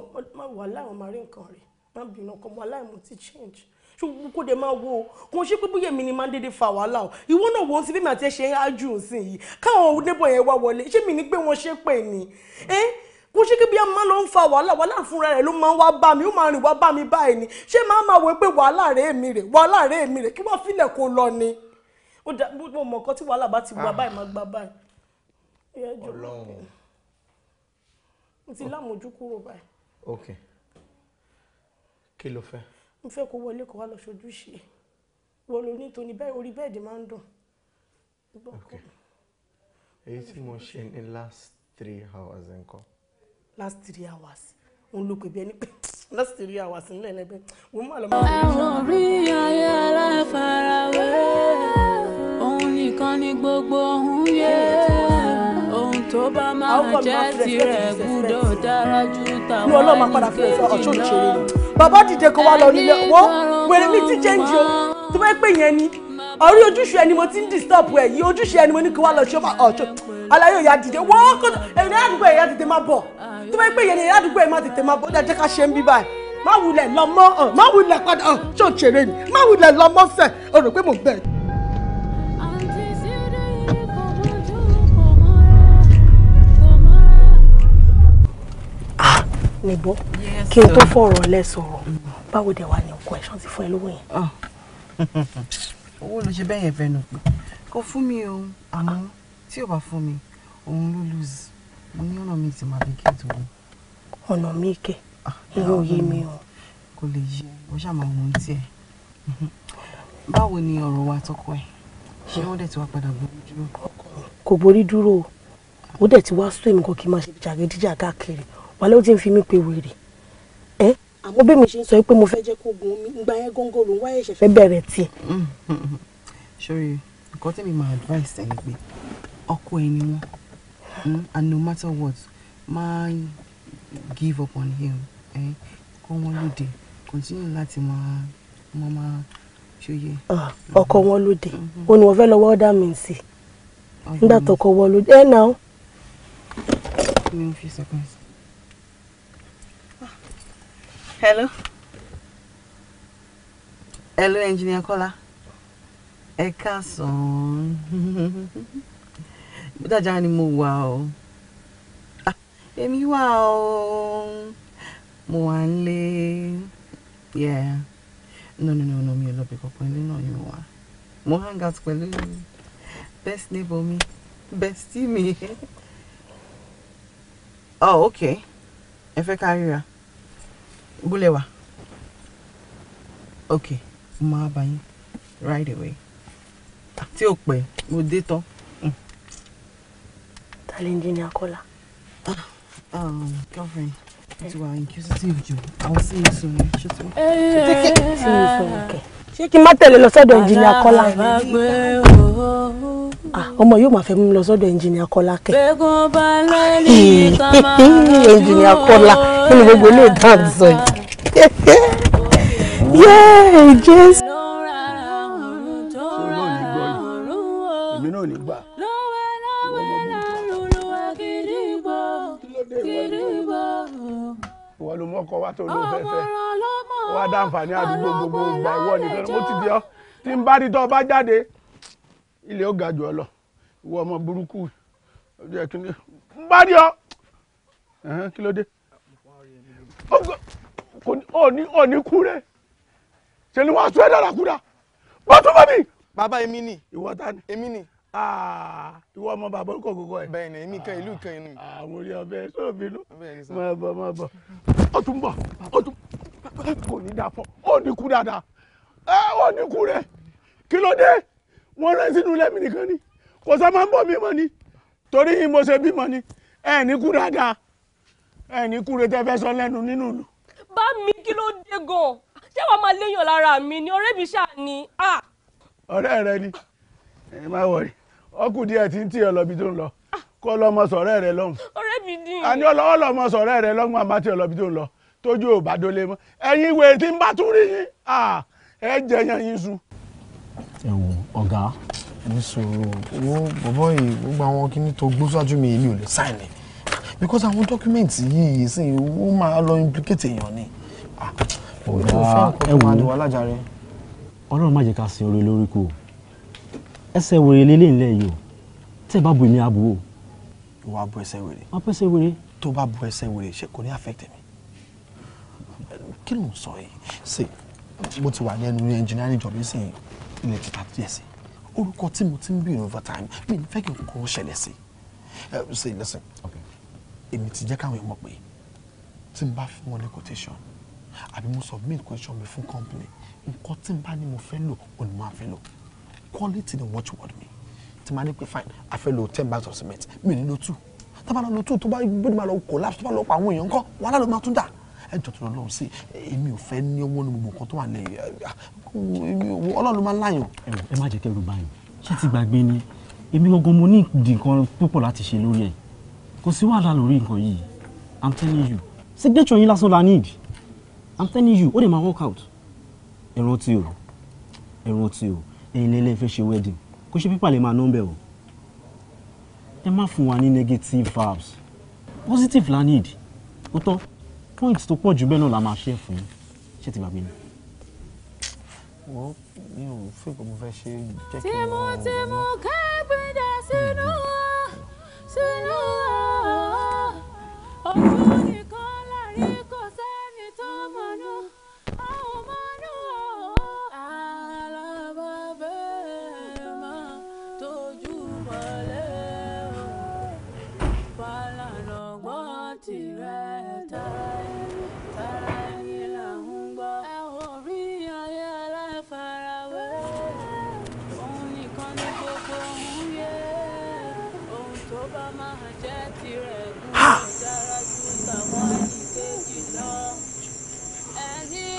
wà láì wọn máa rí nǹkan rẹ má bínú ọkọ wọn láì mo ti change ṣùgbọ́n kò dé máa wo kò ṣe pé bóyá èmi ni máa ń dédé fa wàhálà o ìwọ náà wọ́n ti bí màtí ẹ ṣe ń ájú sí yìí káwọn neighbor yẹn wá wọlé ṣé mi ní gbé wọn ṣépè ni kò ṣe kí bí ẹ máa lọ ń fa wàhálà wàhálà fúnra rẹ̀ ló máa ń wá bá mi ó máa rìn wá bá mi báyìí ni ṣé máa máa wọ pé wàhálà rẹ̀ èmi rẹ̀ wàhálà rẹ̀ èmi rẹ̀ kí wọ́n filẹ̀ kó lọ ni ó dá mo mọ̀ kan tí wàhálà bá ti wà báyìí máa gbá báyìí. Ọlọ́run mo ti lámòjú kúrò báyìí.
ok kí ló fẹ́.
mo fẹ́ kó wọlé kó wá lọ ṣojú ṣe wọ́n ló ní tóní bẹ́ẹ̀ orí bẹ́ẹ̀dì máa ń dùn. ok
èyí tí mo ṣe ní last three hours nǹkan
last three hours òun ló pè bí ẹni pé last three hours nílẹ̀ lẹ́gbẹ́
wọ́n má lọ. ẹ̀wọ̀n rí ayé aláfarawé òun nìkan ni gbogbo ohun yẹ ohun tó bá máa jẹ́ tirẹ̀ gbúdọ̀ dára ju tàwọn
ẹnìkejì lọ. bàbá dìde kó wá lọ nílé wọ́n wẹ̀rẹ̀ mi ti jẹ́ ń jẹun tó bá pè yẹn ni orí ojúṣe ẹni mo ti ń disturb ẹ yìí ojúṣe ẹni mo ní kí wá lọ ṣe ọ̀ṣọ́ aláyọ̀ ìyá dìde wọ́n kó ẹ̀yìn náà àdúgbò ẹ̀yà tètè máa bọ̀ tó bá yẹ pé ẹ̀yìn náà àdúgbò ẹ̀yà máa tètè máa ó dá ká ṣe ń bí báyìí má wulẹ̀ lọ mọ́ má wulẹ̀ padà ṣó ṣeré ni má wulẹ̀ lọ mọ́ sẹ̀ o rò pé mò ń ah, nìbọ kí n tó fọ̀rọ̀ lẹ sọ̀rọ̀ báwo dẹ̀ wà ní ọkọ ẹ̀ ṣáà ti fún ẹ lówó yẹn. Ah.
owó ló ṣe bẹ́ẹ̀ yẹn fẹnu pé kò fún mi o àmọ́ tí ò bá fún mi òun ló lose mo ní ọ̀nà mi ti máa fi kí ètò wọn. ọ̀nà mi kẹ
ìyá ah, òye mi o.
kò lè yẹ o ṣàmà òun tiẹ̀ mhm. báwo ni ọ̀rọ̀ wa tọkọ ẹ̀ ṣé wọ́n dẹ̀ ti wá padà borí dúró.
kò borí dúró o ó dẹ̀ ti wá sún èmi kan kí n máa ṣe jàgídíjà káàkiri wàá ló ti ń fi mí pe wèrè
àmọ́ bí mi ṣe ń sọ pé mo fẹ́ jẹ́
kó gun omi ìgbà yẹn góńgó ló ń wáyé ṣe fẹ́ bẹ̀rẹ̀
tiẹ̀. sori nǹkan tí mi máa advice ẹ ni pé ọkọ ẹ ni wọn hmm, and no matter what máa give up on him eh? kọ́ wọn lóde continue láti máa máa máa ṣòye. Ah,
ọkọ wọn lóde mm-hmm. ó ní wọn fẹ́ lọ wọ́ọ́dà mi sí nígbà tó kọ wọn lóde ẹ̀ náà.
mi ò fi sọ kan Hello. Hello, Engineer Kọ́lá. Ẹ káàsán. Dájà ni mo wà o. Ah, èmi wà o. Mo anle. Yeah. No, no, no, no, mi ò lọ bí kankan ilé náà yóò Mo hang out pẹ̀lú best neighbor me. bestie me. oh, okay. Ẹ fẹ́ ká bólẹ̀ wá ok mo máa bá right away tí ò pẹ́ mo dé tán. ta ló ń dín ní akọ́lá. girlfriend you are inquisitive Joe. i will see you soon.
Shut ṣe tí mo fẹ́ kẹ́
ṣé
kí n má tẹ̀lé lọ sọ́dọ̀ ẹnjìnìà Kọ́lá ah, ọmọ yóò máa fẹ́ mú mi lọ Kọ́lá kẹ́ ẹnjìnìà Kọ́lá nínú gbogbo ilé ìdáhùn
sọ
yìí
yéé jésù. èmi náà ní gbà
fọkọ wa tó ló fẹ́fẹ́ wá dáǹfààní àdúgbò gbogbo ìgbà ìwọ nìkan mo ti di ọ tí n bá rí tọ́ bá jáde ilé ó ga jù ọ lọ ìwọ ọmọ burúkú ọjọ́ ìkíní n bá rí ọ kí ló dé ò ní kú rẹ ṣe ni wàá sọ ẹ dára kúra wọ́n tún bọ́ mi. bàbá èmi ni. ìwọ ta ni. èmi ni ah, ìwọ ọmọ bàbá orúkọ gbogbo ẹ. bẹ́ẹ̀ni èmi kan ìlú kan inú mi. Ah, àwọn orí ọbẹ sóòbínú máa bọ̀ máa bọ̀ ó tún bọ̀ ó tún kò ní dáa fọ́ ó ní kú dáadáa ẹ ó ní kú rẹ̀ kí ló dé wọ́n rẹ́ sínú lẹ́mìí nìkan ni kò sá máa ń bọ̀ mí mọ́ ni torí yìí mo ṣe bímọ ni ẹ ní kú dáadáa ẹ ní kú rẹ̀ tẹ́ fẹ́ sọ lẹ́nu nínú ìlú.
bá mi kí ló dé gan ṣé wàá máa léèyàn lára mi ni ọ̀rẹ́ mi ṣáà ni. Ah!
ọ̀rẹ́ rẹ ni ẹ má wọrí ọkùnrin díẹ̀ tí ń tì ọ lọ bí tó ń lọ kó lọ́mọ sọ̀rẹ́ rẹ lọ́hùn. ọ̀rẹ́ mi ni. àní ọlọ́wọ́ lọ́mọ sọ̀rẹ́ rẹ lọ́hùn àmọ́ àti ọlọ́bi tó ń lọ tójú ò bá dólé mọ́ ẹ̀yin ìwé tí ń bá tún rí yín ẹ jẹ yan yín sùn. ẹ wo ọ̀gá mi sọ̀rọ̀ owó bọ̀bọ̀ yìí gbogbo àwọn kíní tó gbó sáájú mi èmi ò lè sign ẹ̀ because àwọn dọ́kúmẹ̀ntì yìí sì ó máa lọ implicate èèyàn ni. ọ̀gá ẹ wo ọlọ́run má jẹ́ ká sin orí lórí kù ẹsẹ̀ wèrè lélẹ́yìn lẹ́yìn o tẹ́ ẹ bá bu èmi àbúrò wàá bu ẹsẹ̀ wèrè. wàá bu ẹsẹ̀ wèrè. tó bá bu ẹsẹ̀ wèrè ṣe kò ní affect mi kí ló ń sọ yìí ṣe mo ti wà ní ẹnu engineering job nísìnyí ilẹ̀ títà díẹ̀ sí orúkọ tí mo ti ń bìrì over time mi ní fẹ́ kí n kọ́ ṣẹlẹ̀ sí ṣe listen èmi ti jẹ́ káwọn èèyàn mọ̀ pé tí n bá fún wọn ní quotation àbí mo submit question mi fún company nǹkan tí n bá ní mo fẹ́ lò òun ni mo máa fẹ́ lò quality ni watch word mi tí màá ní pé fine a fẹ́ lo ten bags of cement mi ní lo two tábà lọ lo two tó bá gbọ́dọ̀ máa lọ collapse tó bá lọ pa àwọn èèyàn ńkọ́ wàhálà ló máa tún dà ẹ jọ tó lọ lọ́hùn sí èmi ò fẹ́ ní owó ní gbogbo nǹkan tó wà lẹ̀ ọlọ́run máa ń láyàn. ẹ má jẹ́ kẹ́rù báyìí ṣé ti gbàgbé ni èmi gangan mo ní ìdí nǹkan púpọ̀ láti ṣe lórí ẹ̀ kò sí wàhálà lórí nǹkan yìí i'm telling you signature yín lásán la need i'm telling you ó lè máa work out ẹ̀rọ tí o ẹ̀rọ tí o ẹ̀yin lẹ́lẹ́ fẹ́ ṣe wedding kó ṣe pípàlẹ́ máa nọ́mbẹ̀ o ẹ má fún wa ní negative vibes positive la need ó tán point tó pọ̀ jù bẹ́ẹ̀ náà la máa ṣe fún ṣé ti gbàgbé ni.
wọ́n mi ò fẹ́ kó mo
fẹ́ ṣe jẹ́ kí n mọ ọ́n. tìmùtìmù
kẹ́gbìdá sínú mm-hmm. sínú ọ̀hún nìkan lárí.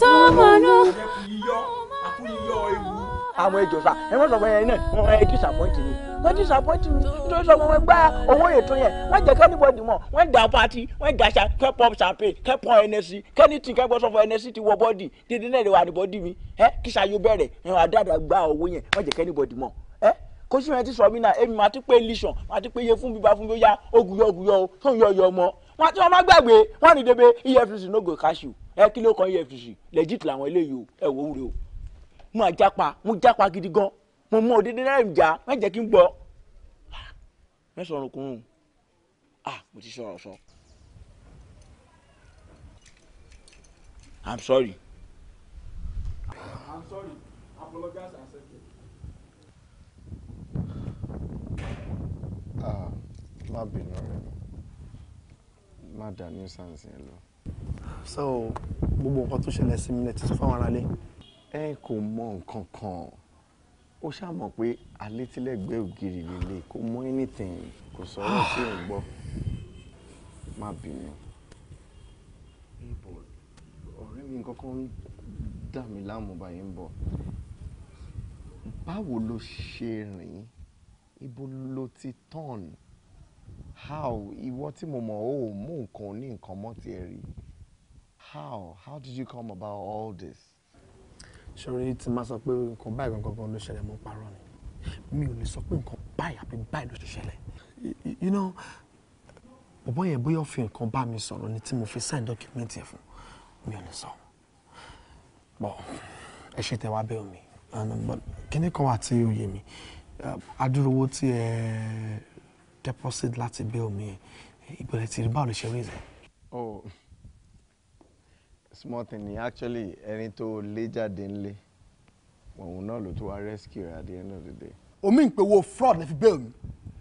tó mọ̀ náà.
àwọn ẹjọ sá ẹ wọ́n sọ fún ẹ náà wọ́n ẹ disappoint mi wọ́n disappoint mi nítorí sọ fún wọn gba owó ètò yẹn wọ́n jẹ́ kẹ́nìbọ̀dì mọ̀ wọ́n dà pati wọ́n dà sa kẹ́pọ̀ sàpè kẹ́pọ̀ ẹnẹsì kẹ́nìtì kẹ́pọ̀ sọ fún ẹnẹsì ti wọ bọ́dì dídí náà lè wà ní bọ́dì mi ẹ kìsà yóò bẹ̀rẹ̀ ẹ wà dáadáa gba owó yẹn wọ́n jẹ́ kẹ́nìbọ̀dì mọ̀ ẹ kó sì rẹ ti sọ mí náà èmi máa ti pé lison máa ti pé iye fún bíbá fún bóyá ògùyọ ògùyọ tó ń yọ ọyọ ọmọ wọn àti wọn má gbàgbé wọn ní débé efcc no go cash you ẹ kí ló kan efcc legit làwọn eléyìí o ẹ wò ó o mo àjàpá mo jápa gidi gan mo mọ òdede náírà ń jà má jẹ́ kí n gbọ́ mẹ́sàn-án ọ̀rùnkùnrùn ah mo ti sọ̀rọ̀ sọ i'm sorry. i'm sorry apologize and accept it. ah má bínú rẹ má dá nuisance yẹn lọ so gbogbo nǹkan tó ṣẹlẹ̀ sí mi lẹ ti sọ fáwọn aráalé. ẹ kò mọ nǹkan kan ó ṣáà mọ̀ pé alétílẹ́gbẹ̀ẹ́ ògiri lélẹ̀ kò mọ anything kò sọ ọ́ sí ò ń gbọ́ má bínú. ọ̀rẹ́ mi nǹkan kan ń dà mí láàmú báyìí ń bọ̀ báwo ló ṣe rìn ibo ló ti tọ́ọ̀nù. How? Ìwọ tí mo mọ̀ ò mú nǹkan ní nǹkan mọ́ ti ẹ rí. How? How did you come about all this? Ṣorí tí máa sọ pé nǹkan báyìí gangan ló ṣẹlẹ̀ mọ́ parọ́ ni. Mi ò lè sọ pé nǹkan báyìí àbí báyìí ló ṣe ṣẹlẹ̀. You know, bọ̀bọ́ yẹn bóyá ó fi nǹkan bá mi sọ̀rọ̀ ni tí mo fi sign document yẹn fún. Mi ò lè sọ. Bọ̀ ẹ ṣe tẹ wá bẹ́ẹ̀ mi. Kíní kan wà tí ó yé mi. Uh, adúrówó tí ẹ deposit láti bail mi ìbẹ̀rẹ̀ tí báwo lè ṣe rí rẹ̀. oh small thing ni actually ẹni tó lé jáde ńlé òun náà ló tó wá rescue rẹ̀ at the end of the day. omi ń pe wo fraud lè fi bail mi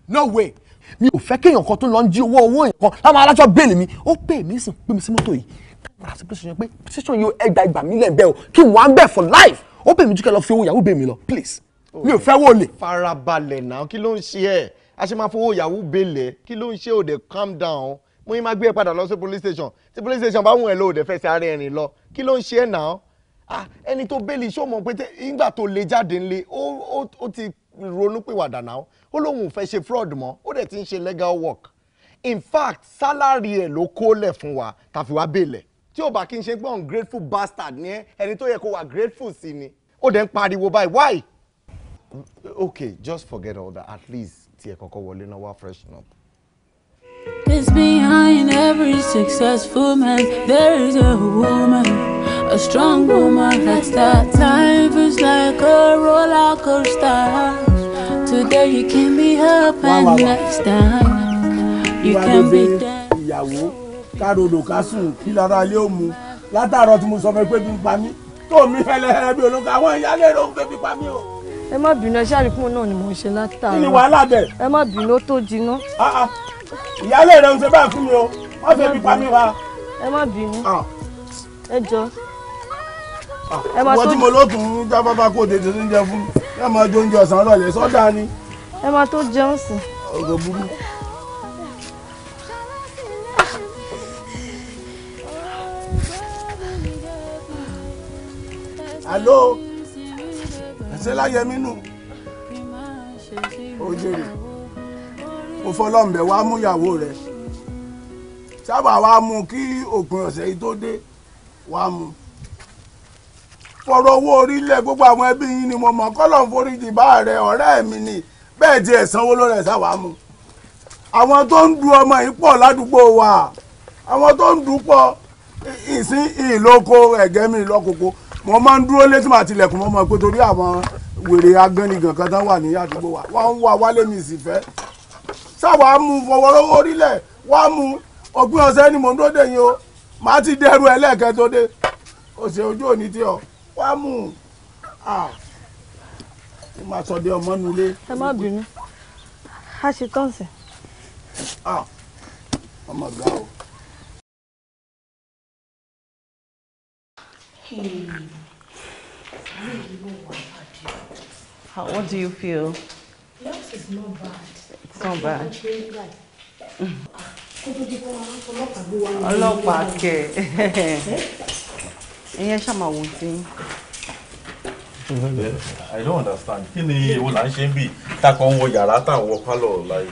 no way mi ò fẹ́ kéèyàn kan tó lọ ń jí owó owó èèyàn kan láwọn alájọ bẹ́ẹ̀lì mi ó pè mí sìn pé mi sí mọ́tò yìí kámẹ́rà sí pé sọ̀rọ̀ pé sísọ̀rọ̀ yóò ẹgbà ẹgbà mi lẹ̀ bẹ́ẹ̀ o kí n wá ń bẹ̀ for life ó pè mí jù kẹ́ lọ fi owó ìyàwó bẹ́ẹ̀ mi lọ please mi ò fẹ́ wọlé. farabalẹ̀ náà kí ló ń ṣe ẹ́ a ṣe máa fowó ìyàwó bẹ́lẹ̀ kí ló ń ṣe òde calm down mo yín máa gbé ẹ padà lọ sí police station tí police station bá wùn ẹ lóòdẹ fẹsẹ̀ ara ẹ̀rìn lọ kí ló ń ṣe ẹ̀ náà ah ẹni tó bẹ́ẹ̀lì ṣó mọ̀ pé nígbà tó lè jáde ńlẹ̀ ó ti ronúpìwàdà náà ó lóun ò fẹ́ ṣe fraud mọ́ ó dẹ̀ ti ń ṣe legal work in fact salary ẹ̀ ló kólẹ̀ fún wa tàfi wá bẹ́ẹ̀lẹ̀ tí ò bá kí n ṣe pé ungrateful bastard ni ẹ ẹni tó yẹ kó wà grateful sí ni ó dẹ̀ ń pariwo báyìí why. okay just forget all that at least tiẹ̀ kọ́kọ́ wọlé náà wá freshen up.
Cause behind every successful man there is a woman a strong woman that's that time feels like a roller coaster today you can be up and next time
you can be down.
ìyàwó
káròdò ká kí lára ilé ò mu látàárọ̀ tí mo sọ fẹ́ pé bí n pa mí tó mi fẹ́lẹ́ bí olóńgbò àwọn ìyá lè ro ń pé bí pa mí
o ẹ má bínú ẹ ṣáàrí pọ̀ náà ni mò ń ṣe látàrí. kí ni wàhálà bẹ̀. ẹ má bínú ó tó jiná. Ah, ah. ìyáálé rẹ ń ṣe báyìí fún mi o wọ́n fẹ́ mi pa mí wa. ẹ má bínú ah. ẹ jọ. wọ́n tí mo lókun
já bábá kó tètè ní jẹ fún ẹ máa jó oúnjẹ ọ̀sán rọ̀lẹ́ sọ́dà ni. ẹ máa tó
jẹun sí. ọgọ burú.
alo ṣe láyẹmí nù ó jèrè mo fọlọ́m̀bẹ̀ wá mú ìyàwó rẹ̀ sábà wá mú kí òpin ọ̀sẹ̀ yìí tó dé wá mú fọ̀rọ̀ owó orílẹ̀ gbogbo àwọn ẹbí yín ni mo mọ̀ kọ́lọ̀n foríjì bá rẹ ọ̀rẹ́ mi ni bẹ́ẹ̀ ti ẹ̀sánwó ló rẹ̀ sáwà mu àwọn tó ń du ọmọ yìí pọ̀ ládùúgbò wa àwọn tó ń dupọ̀ ìsín ìlóko ẹ̀gẹ́ mi lọ́koko mo máa ń dúró létí màá tilẹ̀kùn mọ́ mọ́ pé torí àwọn wèrè agbẹ́nigan kan tán wà ní àdúgbò wa wọ́n ń wá wálé mi sì fẹ́ sáwàá mú fọwọ́rọ́ orílẹ̀ wá mú òpin ọ̀sẹ̀ ni mò ń dúró dè yín o màá ti dẹrù ẹlẹ́ẹ̀kẹ́ tó dé òsè ojú òní tí ọ wá mú un ní máa sọ de ọmọ nu ilé. ẹ má bínú
a ṣe tán sí.
ọmọ ga o.
How, what do you feel? Yours is not bad. It's not bad. ọlọ́pàá kẹ̀ ẹ̀yẹn ṣàmàwò sí.
I don't understand kí ni èwo là ń ṣe ń bì takọ̀ ń wọ yàrá tá à ń wọ pálọ̀ láì.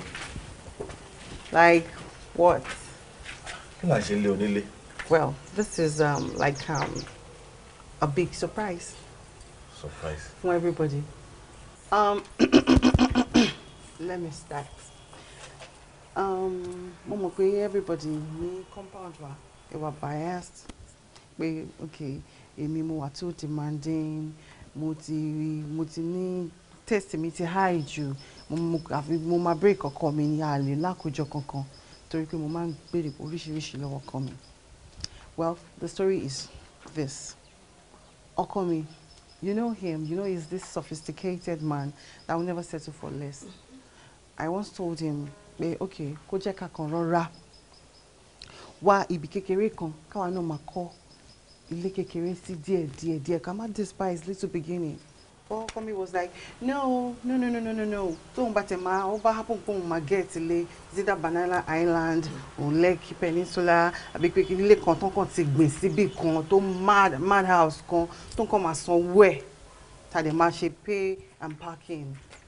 Like what? Kí là
ń ṣe ń lé onílé?
Well, this is um, like um, a big surprise. Surprise. For everybody. Um, let me start. Um, mo pé everybody ní compound wa ẹ wà biased pé okay èmi mo wà too demanding mo ti mo ti ní test mi ti high jù mo àfi mo máa break ọkọ mi ní àlè lákòjọ kankan torí pé mo máa ń béèrè oríṣiríṣi lọ́wọ́ ọkọ mi. Well, the story is this. Okomi, you know him you know he's this sophisticated man that will never settle for less i once told him pé okay kó jẹ́ ká kàn rọra wá ibi kékeré kan káwa náà máa kọ́ ilé kékeré sí díẹ̀ díẹ̀ díẹ̀ ká má despise little beginning but Komi was like no no no no no no no tóun bá tẹ̀ máa ó bá happen pé òun máa get ilé zida banana island òun Lekki peninsula àbí pé ilé kan tó kàn ti gbìn síbì kan tó mad mad house kan tó kàn máa sanwó ẹ̀ tàdé máa ṣe pay and parking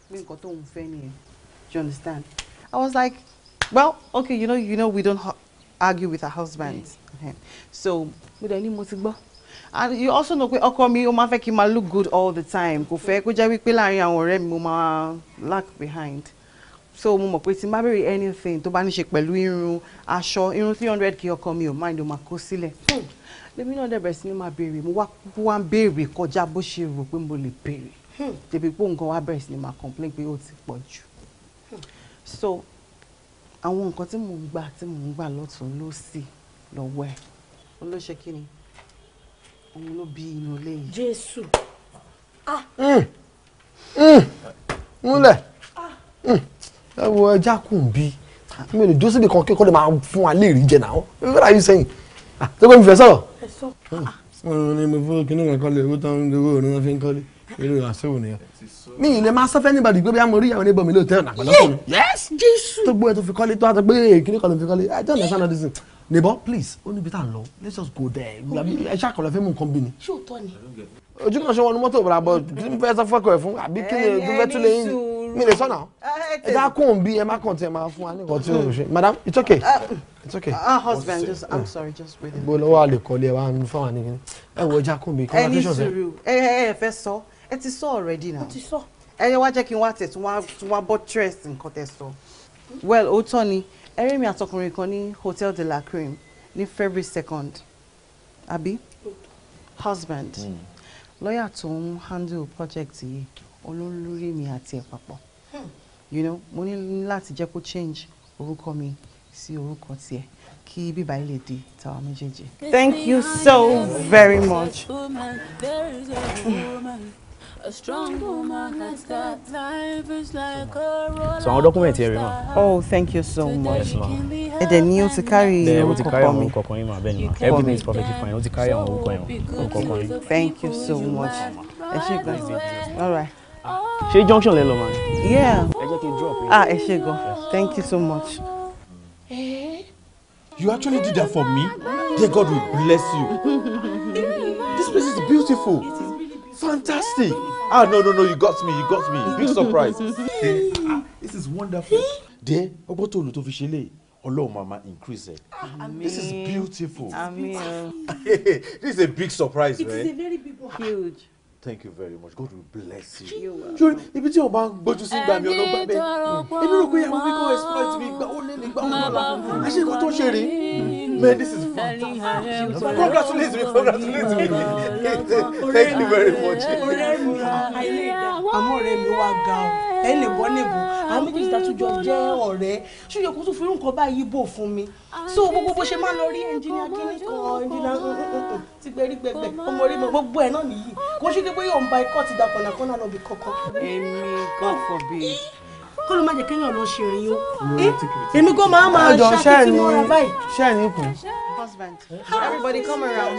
bí nǹkan tóun fẹ́ nìyẹn you understand I was like well okay you know you know we don't argue with our husbands okay. Mm. so mo dẹ̀ ní mo ti gbọ́ and you also know pé ọkọ mi ó máa fẹ́ kí n look good all the time kò fẹ́ kó jẹ́ wípé láàrin àwọn ọ̀rẹ́ mi mo máa lack behind so mo mọ̀ pé tí n bá anything To bá ní ṣe pẹ̀lú irun aṣọ irun three hundred kí ọkọ mi ò mind ó máa kó sílẹ̀ lèmi hmm. náà dẹ̀ bẹ̀rẹ̀ sí ni máa béèrè mo wá kúkú wá ń béèrè kọjá bó ṣe rò mo lè béèrè tèmi hmm. pé nǹkan wá bẹ̀rẹ̀ sí ni máa complain pé ó ti pọ̀ hmm. so àwọn nǹkan tí mò ń gbà tí mò ń gbà lọ́tún lọ́sì lọ́wọ́ ẹ̀ ló ṣe kí ni òun ló bí inú ilé yìí. jésù. Ah. Hmm. Hmm. múlẹ̀ hmm.
ẹ wo ẹja kùn bí mi ò lè dúró síbi kan kí kọ́ni máa fún wa léèrè jẹ náà what are you saying tó gbé mi fẹ́ sọ̀rọ̀. mo ní mo fún kinní kan kọ́lé owó tán owó òun náà fi ń kọ́lé inú àṣewò nìyẹn. mi ì lè máa sọ fẹ́ni ìbàdí pé bí a mọ̀ rí ìyàwó níbọ̀ mi lóòótọ́ náà pẹ̀lú ọkùnrin. yes jésù. tó gbé ẹ tó fi kọ́lé tó a tó gbé kinní kan tó fi kọ́lé i don't understand all this nebo please ó níbi tá à lọ let's just go there ẹ ṣàkọlẹ fẹ́ mú nǹkan bí ni. ṣé o tọ́ ni. ojú kan ṣe wọnú mọ́tò òbúra bọ̀ kí ni fẹ́ sọ fọ́kọ̀ ẹ̀ fún àbí kí ni fẹ́ tún lè yín mi lè sọ́nà ah, ẹ dá kóun bí ẹ má kàn tí ẹ máa fún wa nìkan tí o ṣe madam it's okay ah, it's okay. our ah, husband just i'm
sorry just wait. gbogbo
lọ́wọ́ àlè kọ́lé ẹ wá ń fáwọn nìkan ẹ wọ ẹja kóun bí conversation fẹ́. ẹ ní sùúrù
ẹ ẹ fẹ́ sọ ẹ ti sọ already now. ó ti sọ. ẹ wá jẹ́ kí n wá tẹ̀ tún wá bọ́ tírẹ̀sì nǹkan tẹ̀ sọ. well òótọ́ ni ẹ mi àtọkùnrin kan ní Hotel de la Crème ní February second àbí husband hmm. lọ́yà tó ń handle project yìí olólórí mi àti ẹ̀ papọ̀ hmm. you know mo ní láti jẹ́ kó change orúkọ mi sí orúkọ tiẹ̀ kí bíbá ilé di tàwa méjèèjì. Thank you so very much. So àwọn document here ma. Oh, thank you so much. Yes, ma. Ẹ dẹ̀ ní o ti kárí orúkọ kọ̀ọ̀kan mi. Orúkọ kọ̀ọ̀kan yín ma bẹ́ẹ̀ ni Everything is perfectly fine. O ti kárí àwọn orúkọ yẹn kọ̀ọ̀kan yín. Thank you so much. Ẹ ṣé gan. Oh. Ṣé junction lẹ lọ ma? Yeah. Ẹ jẹ́ kí n drop. Ah, ẹ ṣé gan. Thank you so much. Eh? You actually did that for
me? Dear God will bless you. This place is beautiful. It is Fantastic! Ah, no, no, no, you got me, you got me. Big surprise. this is wonderful. There, ọgbọ́n tó lò tó fi increase ẹ̀. This is beautiful. Amen. This is a big surprise, man. It right? is a
very big one. Huge
thank you very much god will bless you sori ibi tí o bá ń gbójú sí gbà mí ọlọ́gbà bẹ́ẹ̀
èmi rò pé ìyàwó mi kò exploit mi gbà ó lé mi gbà ó lọ́la àṣé nǹkan to ṣe rèé man this is fantastic congratulate me
congratulate me thank you very much.
àmọ́ ọ̀rẹ́ mi wá ga ọ́ ẹ lè bọ́ lèbò àwọn méjèèjì tá a tún jọ jẹ́ ọ̀rẹ́ ṣùgbọ́n kó tún fi nǹkan báyìí bò fún mi so gbogbo bó ṣe máa lọ rí ẹnjìnìá kínní kan ẹnjìnìá ti gbẹrí gbẹgbẹ ọmọ orí mi gbogbo ẹ náà nìyí kó ṣe pé yóò ń ba ikọ́ ti da kọ̀nàkọ́nà lọ bí kọ̀kọ́. èmi God forbid. kó ló má jẹ kéèyàn lọ ṣe ìrìn o
èmi kò máa máa ṣàkíyèsí mọ́ra báyìí.
everybody come around.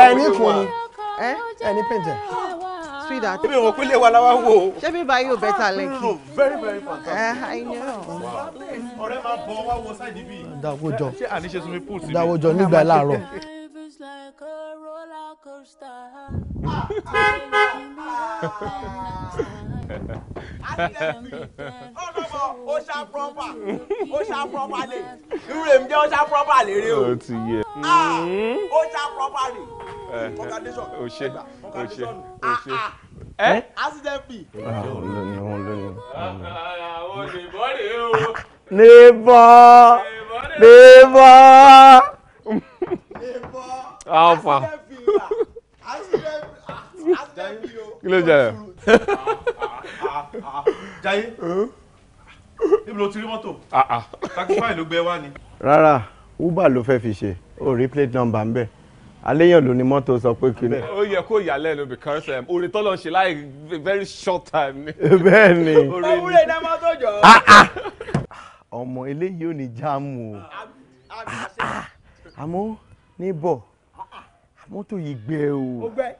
ẹni kùn ẹni pẹ̀ntẹ̀ sweetheart. ebi wọn pélé wa láwa wo. ṣé bí báyìí ò bẹ́tà lẹ́kì. no very very
fantastic. Eh, I know.
ọ̀rẹ́ máa bọ̀ wá wo sáìdì bíi. dáwọ́ jọ
dáwọ́ jọ nígbà láàárọ̀ roller coaster.
ó ṣá proper ó ṣá proper lè irú èmi jẹ́ ó ṣá proper lè rí o ó ṣá proper lè congratulation ó ṣé ó ṣé ó ṣé ẹ accident fee.
lónìí wọn lónìí. àwọn
òyìnbó rèé o.
níbọ̀ níbọ̀.
níbọ̀. alfa
kí ló jẹ rẹ.
Jaiye níbi ló ti rí mọ́tò takisfáì ah, ah. ló gbé wá ni. rárá uber ló fẹ́ fi ṣe ó rí plate number ń bẹ̀ aléyàn ló ní mọ́tò sọ pé kí ni. ó yẹ kó ìyàlẹ́nu because um, orin tọ́lọ̀ ń ṣe láì very short time ni. bẹ́ẹ̀ ni. ọmọdé dá mọ́tò jọ. Ah, ọmọ eléyìí ò ní jáàmù o àmọ́ ní mọ́tò yìí gbẹ o. ó gbẹ.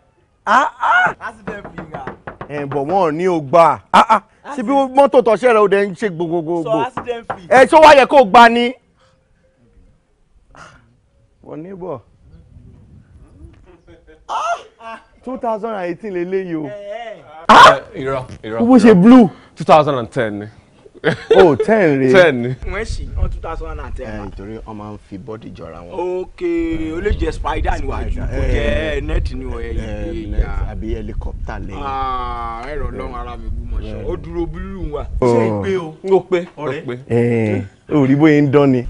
Ah,
ah. accident
fi ra. ẹ bọ̀ wọ́n ní o gbà ah, ṣe bí mọ́tò tọ́ṣẹ́ rẹ o dẹ̀ ń ṣe gbogbogbò. sọ accident fi. ẹ ṣó wáyẹ kó gba ni. wọ́n ní bọ̀. two thousand and eighteen lè léyìí o. irọ́ irọ́ irọ́
bó ṣe blue.
two thousand and ten ni. o oh, ten re ten ni. wọ́n sì wọ́n two thousand and ten. nítorí wọ́n máa ń fi bọ́dì jọra wọn. ok eh. ó lè jẹ spider níwájú kò jẹ eh. net ni o eh, ẹyìn ìyá àbí helicopter lẹ́yìn. Ah, ẹ̀rọ lọ́run ara mi gbúmọ̀ ṣọ́ ó dúró búlúù wa. Oh. ṣé ìpè o ó pé ọ̀rẹ́. o rí bóyá ń dán ni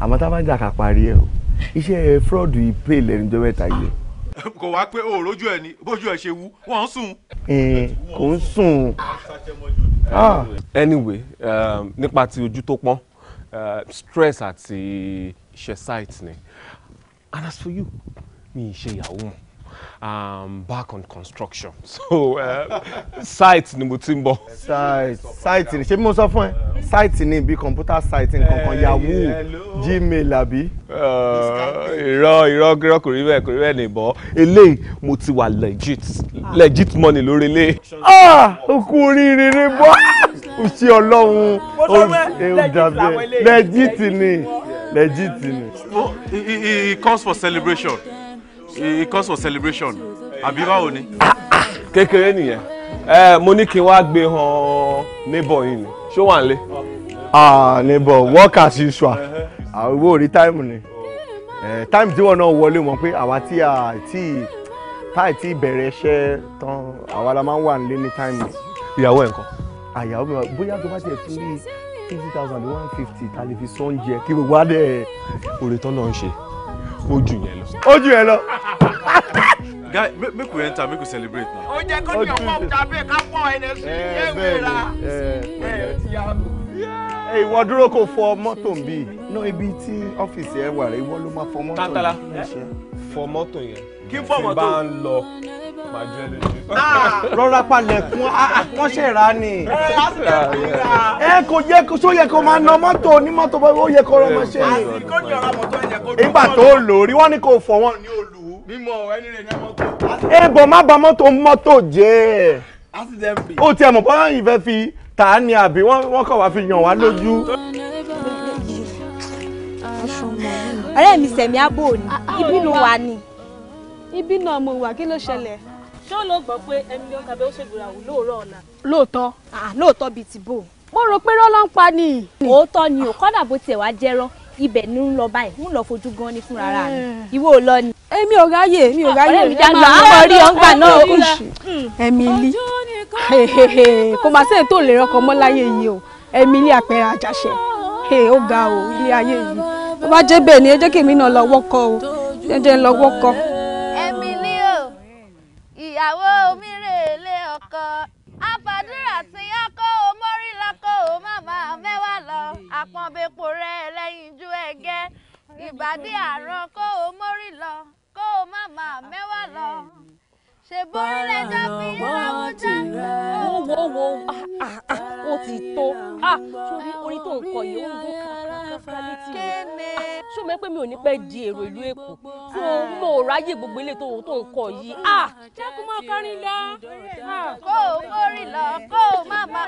àmọ́ tá a bá jà ká parí ẹ̀ o iṣẹ́ fraud pay lẹ́nu jọ mẹ́ta yìí. kò wá pé òòró ojú ẹ ni bójú ẹ ṣe
wú wọ́n ń sùn.
kò ń sùn. Ah. anyway um, nípa ti ojú tó pọ́n um, stress àti iṣẹ́ site ni and as for you mi ì ṣe ìyàwó wọn um, back on construction so uh, site ni mo ti ń bọ̀. site site ni ṣé mo sọ fún ẹ site ni bí computer site nkankan eh, yahoo gmail àbí. Uh, irọ́ irọ́ irọ́ kò rí bẹ́ẹ̀ kò rí bẹ́ẹ̀ ní ìbọn eléyìí mo ti wà legit legit money lórí ilé. ó ah, kú oríire rẹ bọ́ ó ṣe ọlọ́run ó dàbẹ̀ legit ni legit ni. Oh, it comes for celebration. It comes for celebration àbí báwo ni. kékeré nìyẹn ẹ mo ní kí n wá gbé han neighbor yìí ni ṣó wà nílé. Ah, neighbor work as usual àwọn ah, owó orí táìmù ni táìmù tí wọn náà wọlé mọ̀ pé àwa tí a ti táì tí bẹ̀rẹ̀ iṣẹ́ tán àwa la máa ń wà nílé ní táìmù. ìyàwó ẹ̀ nǹkan. Ah, àyàwó mi bóyá tó bá tiẹ̀ tún rí fifty thousand one fifty tàlẹ́ fi sọ́ńjẹ kí gbogbo adé òrètọ́ náà ń ṣe ó jù yẹn lọ. ó jù yẹn lọ. guy make we enter make we celebrate now. ó jẹ́ kó ní ọmọ tàbí ká pọ̀ ẹni sí eh, ilé ìwé ra. Eh, eh, ìwọ dúró kó fọ mọ́tò ń bì ná ibi tí ọ́fíìsì ẹ wà rẹ ìwọ ló máa fọ mọ́tò yẹn. tàntàlà fọ mọ́tò yẹn. kí fọ mọ́tò. tí bá ń lọ Ah, rọra palẹ̀kùn ah, ah, wọ́n ṣe rà ni. Eh, ẹ eh, kò yẹ kó só yẹ kó máa na mọ́tò ní mọ́tò bọ́ ó yẹ kó rọmọ ṣe eh,
ni.
ìgbà tó lò rí wọ́n ní kò fọ̀ wọ́n
ní olù. mímọ ẹni rẹ ní mọ́tò. ẹ bọ̀
má bà mọ́tò mọ́tò jẹ́ ó tiẹ̀ mọ̀ bọ́lá yìí fẹ́ fi tà á ní àbí wọ́n kàn wá fi yàn wá lójú.
ọ̀rẹ́ mi
sẹ̀mí abó ni ibi ló wà ni.
ibi náà mo wà kí ló ṣẹlẹ̀ ṣé ó lọ gbọ́ pé Emily Okabe ó ṣègbéyàwó lóòrọ̀ ọ̀la. lóòótọ́ lóòótọ́ bíi ti bò mo rò pé rọ́ ló ń pa ni. òótọ́ ni ò kọ́dà bó tiẹ̀ wá jẹ́rọ́ ibẹ̀ ni ń lọ báyìí ń lọ fojú gan ni fúnra rà mí hmm. ìwọ ò lọ ni. èmi ò ráyè èmi ò ah, ráyè èmi dáná àmọ́ rí ọgbà náà kù Emily kò má sẹ́yìn tó lè rọkọ̀ mọ́ láyé yìí o Emily àpẹẹrẹ àjàṣe ó ga o ilé ayé yìí tó bá jẹ́ bẹ́ẹ̀ ni ẹ jẹ́ kí èmi náà lọ wọ́kọ̀ o jẹ́jẹ́ lọ wọ́kọ̀
ìyàwó omi rèlé ọkọ àfàdúrà sí ọkọ omórí lọkọ o màmá mẹ́wàá lọ àpọnbẹpọ rẹ lẹ́yìn ju ẹgẹ ìbàdí àrùn kó o lọ kó o màmá lọ ṣe borílẹ̀ jábí ìràwọ̀
jábí.
wo wo wo ó ti tó
sórí ah, orin tó ń kọ yìí ó ń dún kàkàkà létí mi ṣó mẹ́ pé mi ò ní pẹ́ di èrò ìlú èkó tó mo ráyè gbogbo ilé tó ń kọ yìí ah,
jẹ́ kó má kárin lọ. Ah. kó o mórí lọ kó o má má.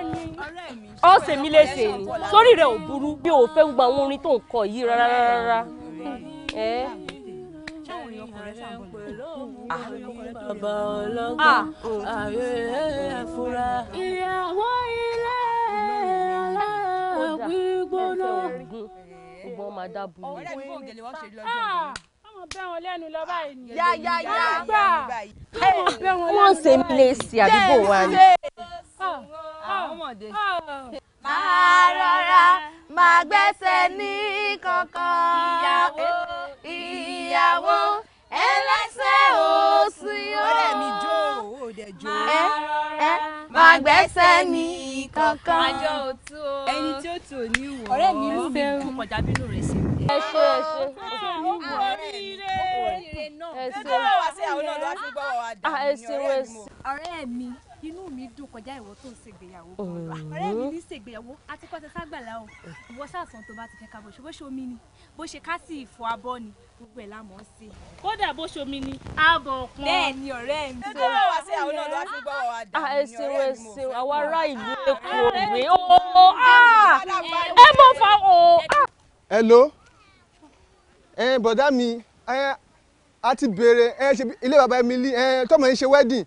ọ̀sẹ̀ mi lè ṣe ni sórí rẹ̀ ò burú bí o fẹ́ gba àwọn orin tó ń kọ yìí rárá rárá.
Ah. bàbá ọlọ́gbọ́n ah. ayé ẹ̀fúra. ìyàwó ilé
gbígbóná. ọgbọ́n máa dá burú. ọ̀rẹ́ mi kò
gèlè wọ́n ṣe lọ́jọ́ ìgbà ah. wọ́n bẹ́ wọn lẹ́nu lọ báyìí ni. yá yá yá gbà
wọ́n ṣe mí lè ṣe àdúgbò wa ni.
máa rọra máa gbẹ́sẹ̀ ní kankan ìyàwó ìyàwó ẹlẹ́sẹ̀ òsì o. ọ̀rẹ́ mi
jó owó
òde jó.
ẹ ẹ máa gbẹ́sẹ̀ ní kankan. àjọ òtún
o. ẹni tí ó tò ní ìwọ. ọ̀rẹ́ mi ló fẹ́ o. kọjá bínú rẹ̀ sí. ẹ ṣe ẹ ṣe. oríire oríire náà. Ah, ẹ ṣe ẹ ṣe. ẹ ṣe ẹ ṣe. ọ̀rẹ́ mi inú mi dùn kọjá ìwọ tó ń ṣègbéyàwó ọ̀rẹ́ mi ní ṣègbéyàwó àti kọ́tẹ́ ságbàlá o ìwọ sàtàn tó bá ti fẹ́ ká bọ̀ ṣe bó ṣe omi ni bó ṣe ká sí ìfọ̀ abọ́ ni gbogbo ẹ̀ la mọ̀ ọ́ sí. kódà bó ṣe omi ni ààbọ̀ pọn. bẹ́ẹ̀ ni ọ̀rẹ́ mi. ṣé wọ́n wá sí àwọn náà lọ́wọ́ fún gbọ́wọ́ wa dà ah, ní ọ̀rẹ́ mi mo fẹ́. àwa ará ìlú ah, èkó òwe ooo oh, oh,
ah! ẹ mọ̀ fa ooo. Oh,
hello eh, bọ̀dá mi eh, a ti béèrè eh, ilé bàbá mi tọ́mọ yín ṣe wedding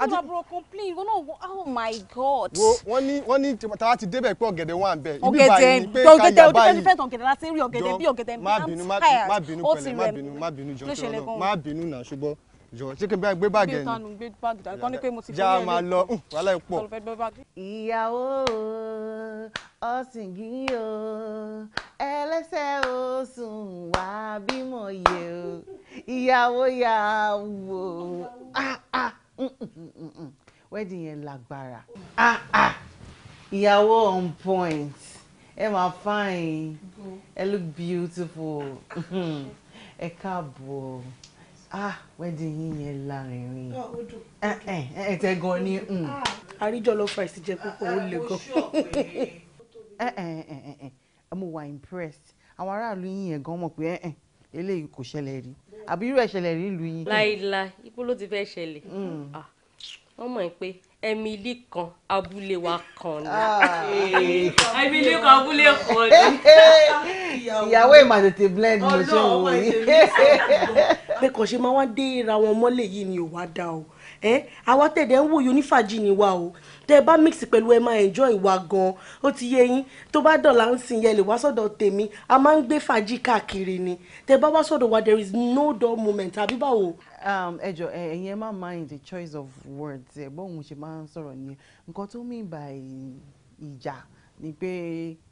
àti bro complain wọn náà oh my god. wo
wọn ní wọn ní tàwa ti débẹ̀ pé ọ̀gẹ̀dẹ̀ wà ń bẹ̀ ibi báyìí ni pé ká yà báyìí
ọ̀gẹ̀dẹ̀ ọ̀gẹ̀dẹ̀ láti rí
ọ̀gẹ̀dẹ̀ bí ọ̀gẹ̀dẹ̀ mi i'm tired má bínú pẹ̀lẹ́ má bínú
má bínú jọ jọ lọ má bínú náà ṣùgbọ́n jọ ṣé kí
wedding yẹn lagbara? ah ah ìyàwó on point ẹ máa fine ẹ look beautiful ẹ káàbọ̀ ah wedding yín yẹn lárinrin eh, eh, eh, ẹ ẹ tẹ́gàn ni. Mm. Ah. àríjọ lọ fà ìsìjẹ púpọ̀ ó le gan. mo wà impressed àwọn aráàlú yín yẹn gan mọ̀ pé eléyìí kò ṣẹlẹ̀ rí àbí irú ẹ̀ ṣẹlẹ̀ rí ìlú yín. láìláì
ikú ló ti fẹ́ ṣẹlẹ̀ mm. ah, wọ́n mọ̀ pé Emily kan abúlé wa kan ni ah. Ah, Emily kan abúlé kan ni. ìyàwó
ìmọ̀ tètè blend mo ṣe wò yìí. pé kò ṣe máa wá dé ra wọn mọ́lẹ̀ yìí ni ò wá dá o àwa tẹ̀dẹ̀ ń wòye onífàjì ni wa o tẹ́ bá mix pẹ̀lú ẹ máa enjoy wa gan ó ti yé yín tó bá dọ̀là ń sìn yẹn wá sọ̀dọ̀ tèmi a máa ń gbé
fàájì káàkiri ni tẹ́ bá wá sọ̀dọ̀ wa there is no dull moment àbí báwo. Um, ẹjọ ẹyin ẹ má mind the choice of words ẹ bọ́ òun ṣe máa ń sọ̀rọ̀ nìyẹn nǹkan tó mean by Ija. ni pé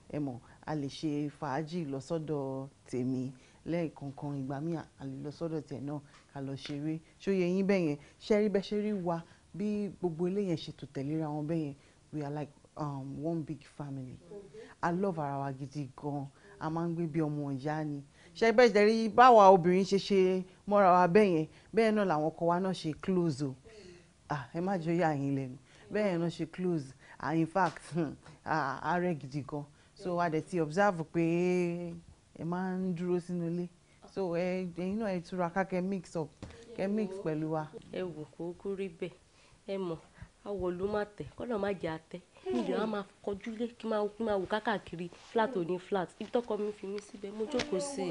ẹ mọ̀ a lè ṣe fàájì lọ́sọ́dọ̀ tèmi lẹ́ẹ̀kọ̀ọ̀kan ìgbà míì a lè lọ sọ́dọ̀ tẹ̀ náà ká lọ ṣeré ṣóyè yín bẹ́ẹ̀ yẹn ṣẹ́rí bẹ́ẹ̀ ṣeré wa bí gbogbo eléyẹn ṣètò tẹ̀léra wọn bẹ́ẹ̀ yẹn we are like um, one big family a love ara wa gidi gan a máa ń gbé bí ọmọ ìyá ni ṣe bẹ́ẹ̀ ṣe rí báwa obìnrin ṣe ṣe mọ́ra wa bẹ́ẹ̀ yẹn bẹ́ẹ̀ náà làwọn ọkọ wa náà ṣe close o ẹ má jọ yà yín lẹ́nu bẹ́ẹ̀ náà ṣe close in fact ààrẹ gidi gan so a dẹ̀ observe pé ẹ máa ń dúró sínú ilé so ẹ̀yin náà ẹ túra ká kẹ́ mix up kẹ́ mix pẹ̀lú wa.
ẹ wò kó kú rí bẹ́ẹ̀ ẹ mọ̀ awọ ló má tẹ̀ kọ́lọ̀ má jẹ́ àtẹ́ níbi àwọn máa kọjú lé kí máa wò kákàkiri flat ò ní flat ibi tọ́kọ mi fi mí síbẹ̀ mo jókòó sí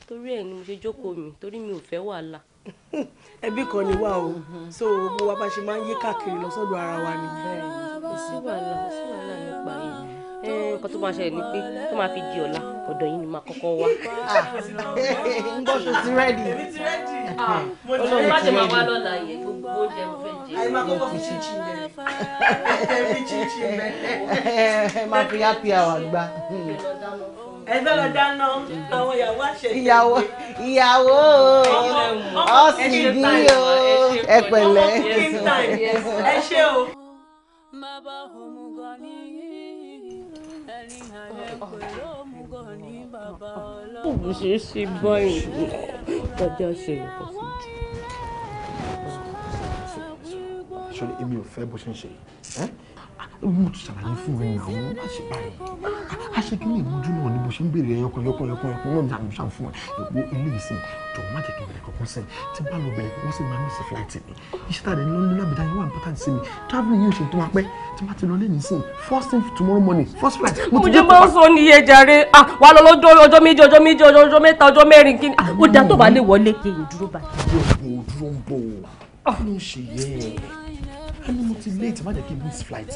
i torí ẹ̀ ni mo ṣe jókòó mi torí mi ò fẹ́ wàhálà. ẹbí kan
ni wà o so gbogbo wa bá ṣe máa ń yí káàkiri lọ sọ́dọ̀ ara wa ni.
kò wàhálà kò wàhálà nípa yìí nǹkan tó máa ṣẹlẹ̀ ni pé tó máa fi di ọ̀la ọ̀dọ̀ yìí ni máa kọ́kọ́ wá. ń ah.
bọ́ ṣe ti rẹ́dì. Ah, ọlọ́run ti rẹ́dì.
ọlọ́run ti rẹ́dì ẹ máa
kọ́kọ́ fi chinchin bẹ́ẹ̀
ẹ fi chinchin bẹ́ẹ̀.
ẹ máa fi happy hour gbà.
ẹ fẹ́ lọ dáná
àwọn ìyàwó àṣẹ
ìyàwó ìyàwó ọ̀sìndí o ẹ pẹ̀lẹ́. ẹ ṣe
o.
Òbí ṣe
actually èmi ò fẹ́ bó ṣe ń ṣe yìí mo ti ṣàlàyé fún ẹ náà má ṣe báyìí aṣèkí ní ìmújú náà ni bó ṣe ń béèrè ẹyọkan ẹyọkan ẹyọkan ẹyọkan náà ni àmì ṣàn fún ilé ìsìn jọ má jẹ kí n bẹ̀rẹ̀ kankan sẹ́yìn tí bá lọ bẹ̀rẹ̀ kankan sí máa ń ṣe fúláìtì mi iṣẹ́ tá a lè lọ nílẹ̀ àbídá yẹn wà sí mi traveling yóò ṣe tó máa pẹ́ tí bá ti lọ lẹ́yìn sìn first thing tomorrow morning first flight.
mo jẹ́ bá sọ ní iye jàre wà lọ lọ́jọ́ ọjọ́ méjì ọjọ́ méjì ọjọ́ mẹ́ta ọjọ́ mẹ́rin kí ni ó dá tó bá lè wọlé kí n dúró
báyìí kí ló ń ṣe yẹ
ẹ ni mo ti late má jẹ́ kí n miss flight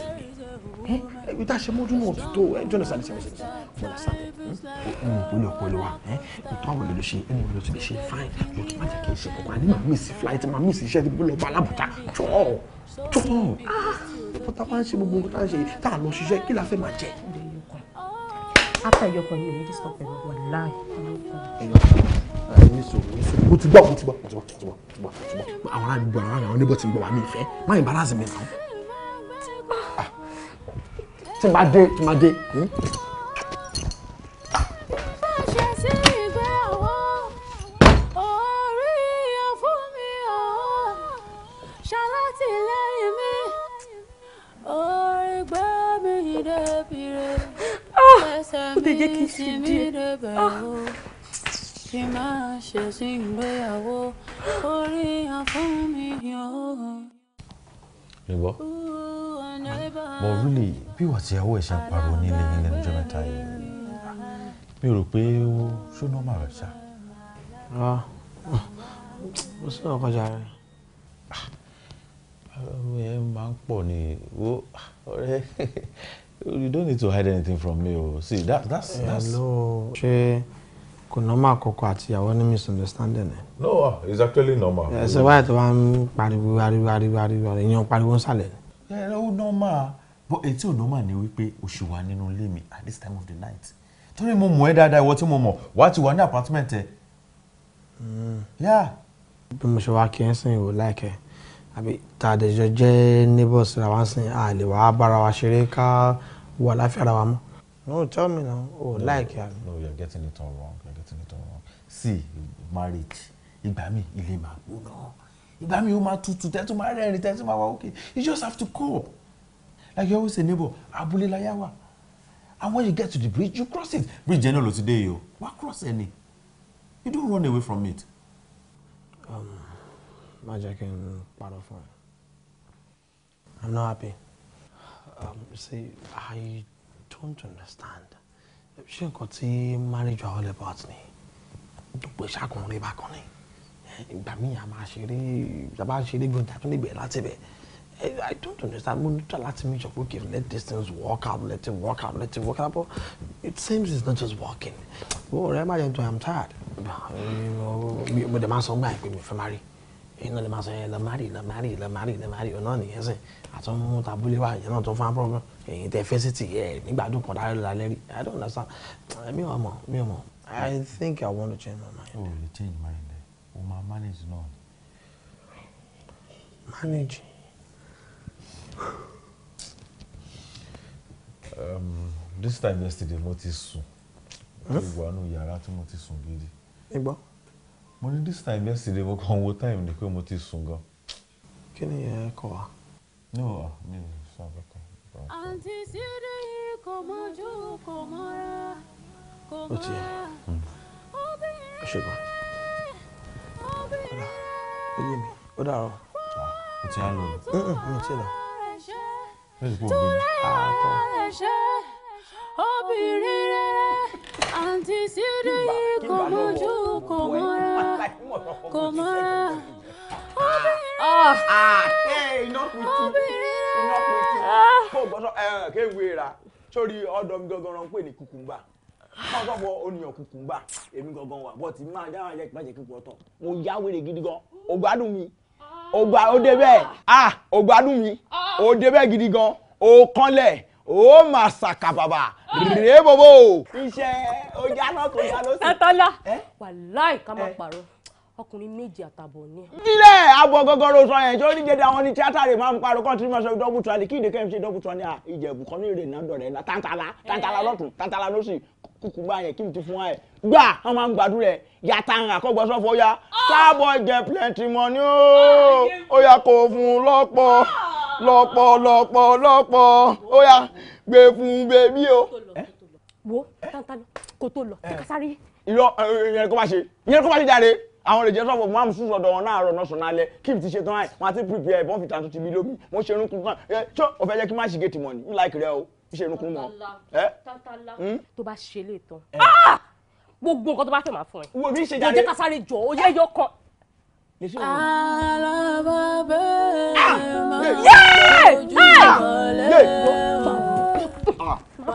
mi ẹ bí tá a ṣe mójú náà ti tó ẹ jọ́nà sáré sáré sáré mo là sáré ẹ mi ìpínlẹ̀ ọpọlọ wa ẹ ìtọ́ àwọn olùlọ ṣe ẹ mi ìlọ ti lè ṣe fine mo ti má jẹ́ kí n ṣe kọ̀ọ̀kan ní màá miss flight màá miss iṣẹ́ ti bọ́lọ̀ bá alábùtà jọ́ jọ́ ó tá a máa ń ṣe gbogbo nǹkan tá a ń ṣe tá a lọ ṣiṣẹ́ kí la fẹ́ máa jẹ.
after your community stop ẹ̀rọ wà láì nísòro nísòro mo ti gbọ́ mo ti gbọ́ mo ti
gbọ́ mo ti gbọ́ mo ti gbọ́ àwọn ará mi gbọ́ àwọn àwọn oníbọ̀ ti gbọ́ wà mí ìfẹ́ má yín bára mi nà án ah. tí máa dé tí máa dé. oh,
ó lè jẹ́ kí n ṣe díẹ̀. Ah kí n má ṣe sí ìgbéyàwó orí afún mi
mo really bí ìwà tíyàwó ẹ̀ ṣe ń pariwo nílé yín lẹ́nu jẹ́ mẹ́ta yìí mi rò pé ó ṣó nọ́mà rẹ̀ ṣá. Ah, mo sì náà kọjá rẹ̀. Ah, ọmọ yẹn máa ń pọ̀ ní wo ọ̀rẹ́ you don't need to hide anything from me o see that, that's. hello ṣe kò normal kọkọ àti ìyàwó ní misunderstanding ẹ. no ah, it's actually normal. ẹ ṣe wáyé tó wá ń pariwo ariwo ariwo ariwo èèyàn pariwo ń sàlẹ̀. ẹ eh, ó normal but èyí tí ò normal ni wípé o ṣì wà nínú ilé mi at this time of the night torí mo mọ̀ ẹ́ dáadáa ìwọ tí mo mọ̀ wàá ti wà ní apartment ẹ. Hmm. bí mo ṣe wá kí ẹ sìn ìwò láìkẹ́ àbí tàdéjọ jẹ́ neighbors ra wá sìn àlè wàá bára wa ṣeré ká wà láfíà ra wa mọ́. no tell me now o láìkẹ́. no you are getting it all wrong sí marriage ìgbà mi ilé máa gbóná ìgbà mi ó máa tutù tẹ́tù máa rẹ́rìn tẹ́tù máa wá okay you just have to cope like you always say neighbor abúlé láyà wà and when you get to the bridge you cross it bridge ẹni olùtí dé yìí o wá cross any? you don't run away from it. Um, má jẹ́ kí n parọ́ fún ẹ i'm not happy um, see i don't understand ṣé nǹkan tí marriage are all about ni dúpẹ́ ṣàkùnrin bákan ni ìgbà míì a máa ṣeré ìjàmbá ṣeré gbọ̀ǹda tó lè láti bẹ̀ I don't understand mo nítorí láti mi sọ pé okay let this things work out let it work out let it work out but it seems it's not just working o ọ̀rẹ́ má jẹ́ tó I'm tired mo dẹ̀ máa sọ gbà pé mi fẹ́ má rí iná lè máa sọ yẹn lọ́márì lọ́márì lọ́márì lọ́márì ọ̀nà nìyẹn sìn àtúntò tábúlé wa ìyẹn náà tó fún abúlé èyí tẹ fẹ́ sí ti ẹ̀ nígbàdùn kan dáre lálẹ́ rí I don't understand mi ò mọ̀ mi ò mọ̀. I think I want to change my mind. Oh, you change mind. Oh, my manage náà ni. Manage? um, this time yesterday Moti ti sùn. Hmm? Mo wà nù yàrá tí mo ti sùn gidi. Ìgbọ́. Mo ní this time yesterday mo kàn wo time ni pé mo ti sùn gan. Kí ni ẹ kọ wa? No, ah, mi ò sábà kọ.
Àǹtí sídìí kò mọ́jú
kò mọ́ra ó ti ẹ ṣe gan ọ̀dà ó yé mi ó dàrọ̀. mo ti á lọ. mo ti lọ. àtọ.
obìnrin rere àǹtí sídìí yìí kò mójú kò mọ́ra kò mọ́ra obìnrin rere. kó o gbọ́dọ̀
kéwèé máa gbọ́gbọ́ oníyàn kùkùn gbà èmi gangan wà bọ́ọ̀tì máa dáhùn ajá ìpàjẹ́ kíkọ́ ọ̀tọ̀ mo yá wèrè gidi gan ó mi ó gbà ó débẹ̀ ah ó gbádùn mi ó débẹ̀ ah, gidi gan ó kánlẹ̀ ó mà sàkà bàbà rèé bòbò.
iṣẹ́ ọjà náà kò yá lọ́sùn. ẹ tọ́lá wàláì ká máa pààrọ̀ ọkùnrin méjì àtàbọ̀ ni. nílẹ̀
abọ́ gọ́gọ́rọ́ sọ yẹn tó ní dédé àwọn ní tíátà rẹ̀ máa ń parọ́ kọ́ńtì máa sọ dọ́bù tó alẹ́ kí ìdèkẹ́ ń ṣe dọ́bù tó ah, ìjẹ̀bù kan ní ìrè dọ̀rẹ́ la tàǹtàlà tàǹtàlà lọ́tún tàǹtàlà lọ́sì kúkú bá yẹn kí n ti fún ẹ gbà wọn máa ń gbàdúrà ẹ yàtà ń rà kọgbọ sọfọ ya sáàbọ ah! jẹ plenty money oh. ah, ó ó yà kó fún lọ́pọ̀ ah! lọ́pọ̀ lọ́pọ̀ lọ́pọ̀ ó yà gbé fún bèbí o. Oh. wo tantan kò tó lọ eh? kásáré. Eh? Eh. irọ́ ìyẹn kó má ṣe ìyẹn kó má ṣe jáde àwọn olè jẹ sọfọ mọ àmùsùn sọ́dọ̀ wọn náà rọ náà sọ náà lẹ kí n ti ṣe tán ẹ wọn àti prepare ìbọn fìtàn tó ti bí lómi mo ṣe irun kúkan ṣé o fẹ́ jẹ́ kí má ṣe gé tìmọ̀ ní láìkì rẹ o
ṣe irunkun mọ. tó bá ṣe lè tán ah! gbogbo nǹkan tó bá fẹ́ máa fún ẹ. wo mi ṣe jáde. jẹ́ ká sáré jọ ó yẹ yọ kan. alábàbẹ̀ máa ń ọ̀lẹ́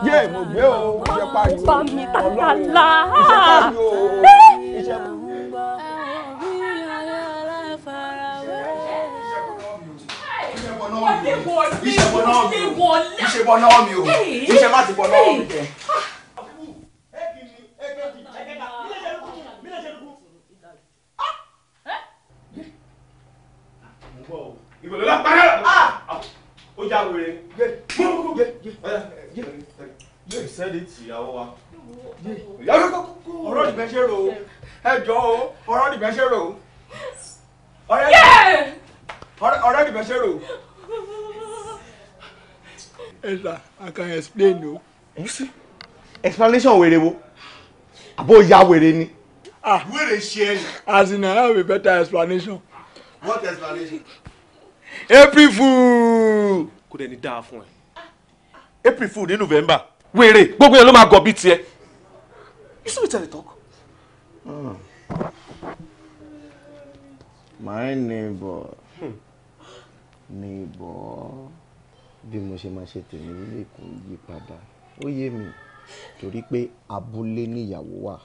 yé mo gbé o ah! eh! iṣẹ́ pariwo ọlọ́run
iṣẹ́ pariwo. iṣẹ́ bọ́ náà mi o iṣẹ́ bọ́ náà
mi o iṣẹ́ má ti bọ́ náà mi kẹ.
ìgbòho la para la ó já wèrè ìṣẹ́lẹ̀ tìyàwó rò ẹjọ́ brother i can explain o. you eh? see explanation wèrè wo àbó ya wèrè ni. ah wèrè ṣe ẹni. E as in i have a better explanation. what explanation. april fool. kò dẹ̀ ní dáa fún ẹ april fool ní november wèrè gbogbo yẹn ló máa gọ̀ bí tiẹ̀ you see wetin i dey talk. Hmm. my neighbor. Hmm. neighbor bí mo ṣe máa ṣe tèmi nílé kò yí padà ó yé mi torí pé abúlé níyàwó wà.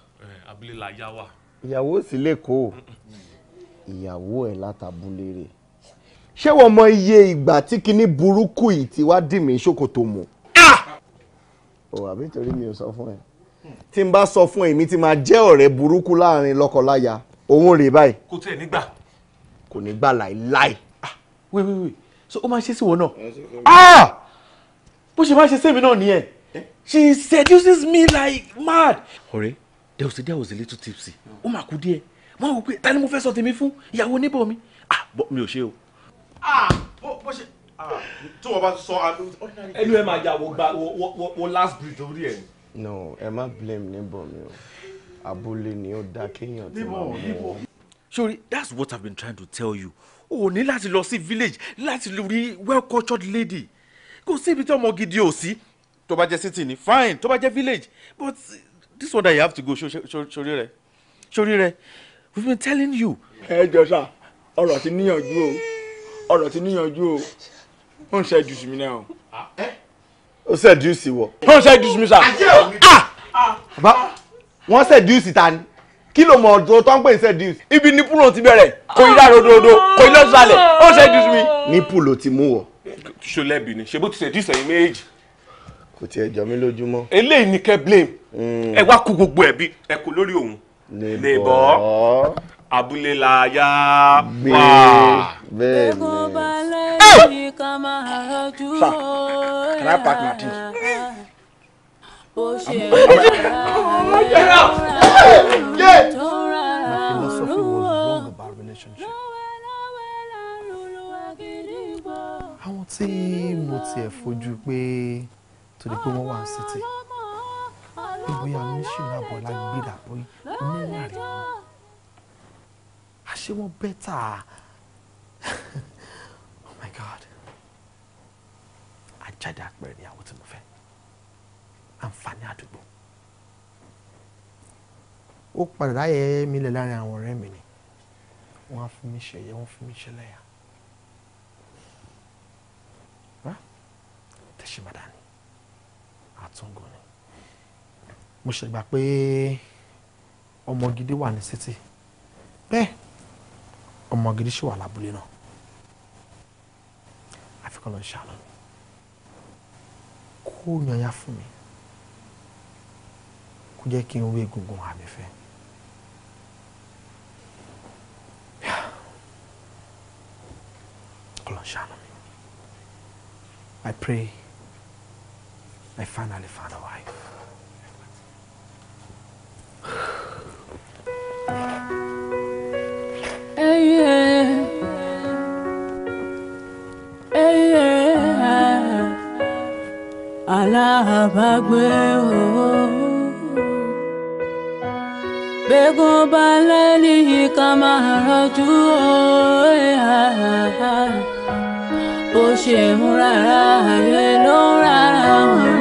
abúlé la yá wà. ìyàwó sì lẹ́kọ̀ọ́ ìyàwó ẹ̀ látàbúlé rẹ̀ ṣé wọ́n mọ iye ìgbà tí kinní burúkú yìí ti wá dì mí ṣòkòtò mu. ò àbí torí mi ò sọ fún ẹ tí n bá sọ fún èmi tí máa jẹ́ ọ̀rẹ́ burúkú láàrin lọ́kọláya òun rè báyìí. kò tẹ̀ nígbà. kò ní gbà láéláé. wait so ó máa ṣe sí wọn Ah, bó ṣe máa ṣe sẹ́mi náà nìyẹn eh? she seduces me like mad. ọ̀rẹ́ there was a there was a little tipsy hmm. ó máa kú díẹ̀ wọ́n wò pé ta ni mo fẹ́ sọ tèmi fún ìyàwó oníbọ̀ mi ah mi ò ṣe o. ah bó ṣe ah, tí wọ́n bá sọ ẹnu ẹ máa jà wọ gba wọ last bridge orí ẹ. no ẹ má blame níbọ̀ mi o abúlé ni ó dá kéèyàn tí wọ́n mú un. sori that's what i've been trying to tell you o ní láti lọ sí village láti rí well cultured lady kò sí ibi tí ọmọ gidi ò sí tó bá jẹ́ city ni fine tó bá jẹ́ village but this one that you have to go sori rẹ sori rẹ we been telling you. ẹ jọ sá ọ̀rọ̀ ti níyànjú o ọ̀rọ̀ ti níyànjú o ó ń ṣe jùsù mi náà o. Ah, eh? ó ṣe jùsù wọ. ó ń ṣe jùsù mi sá. bàbá ah! wọ́n ṣe jùsù ta ni kí ló mọ̀ tó tó ń pè ṣe dis ibi ní ti bẹ̀rẹ̀ kò yí dáa rododo kò yí lọ́sọ̀ alẹ̀ ó ṣe mi. ní ti mú wọ. ṣọlẹ́bì ni ṣe bó ti ṣe dis méjì. kò tiẹ̀ jọ mí lójúmọ́. eléyìí ni kẹ́ blame hmm. ẹ wá kó gbogbo ẹ̀bi ẹ kó lórí òun. lè bọ́ abúlé la yá wá.
bẹ́ẹ̀ ni. ẹ ẹ
sir can bó ṣe rọra
tó rárá
rúwọ́.
àwọn tí mo tiẹ̀ fojú pé torí pé wọ́n wà ní city bóyá mission abọ́lá gbéra pé oníwà rẹ̀ wọ́n àṣé wọ́n bẹ́tà oh my god ajáde àpẹẹrẹ ni àwọn tí mo àǹfààní àdúgbò ó padà láyé mi lẹ̀ láàrin àwọn ọ̀rẹ́ mi ni wọ́n á fún mi ṣẹ̀yẹ wọ́n fún mi ṣẹlẹ́yà tẹ̀síbàdà ni àtúngò ni mo ṣègbà pé ọmọ gidi wà ní city bẹ́ẹ̀ ọmọ gidi ṣì wà lábúlé náà àfikún lọ ṣàlọ́ mi kó yànyà fún mi jẹ́ kí n wé egungun àmì I pray I finally found a wife.
alábàgbé o bẹ́gùn balali níyì ká máa rọ́jú òye bó ṣe mú rárá ayé ló ń rárá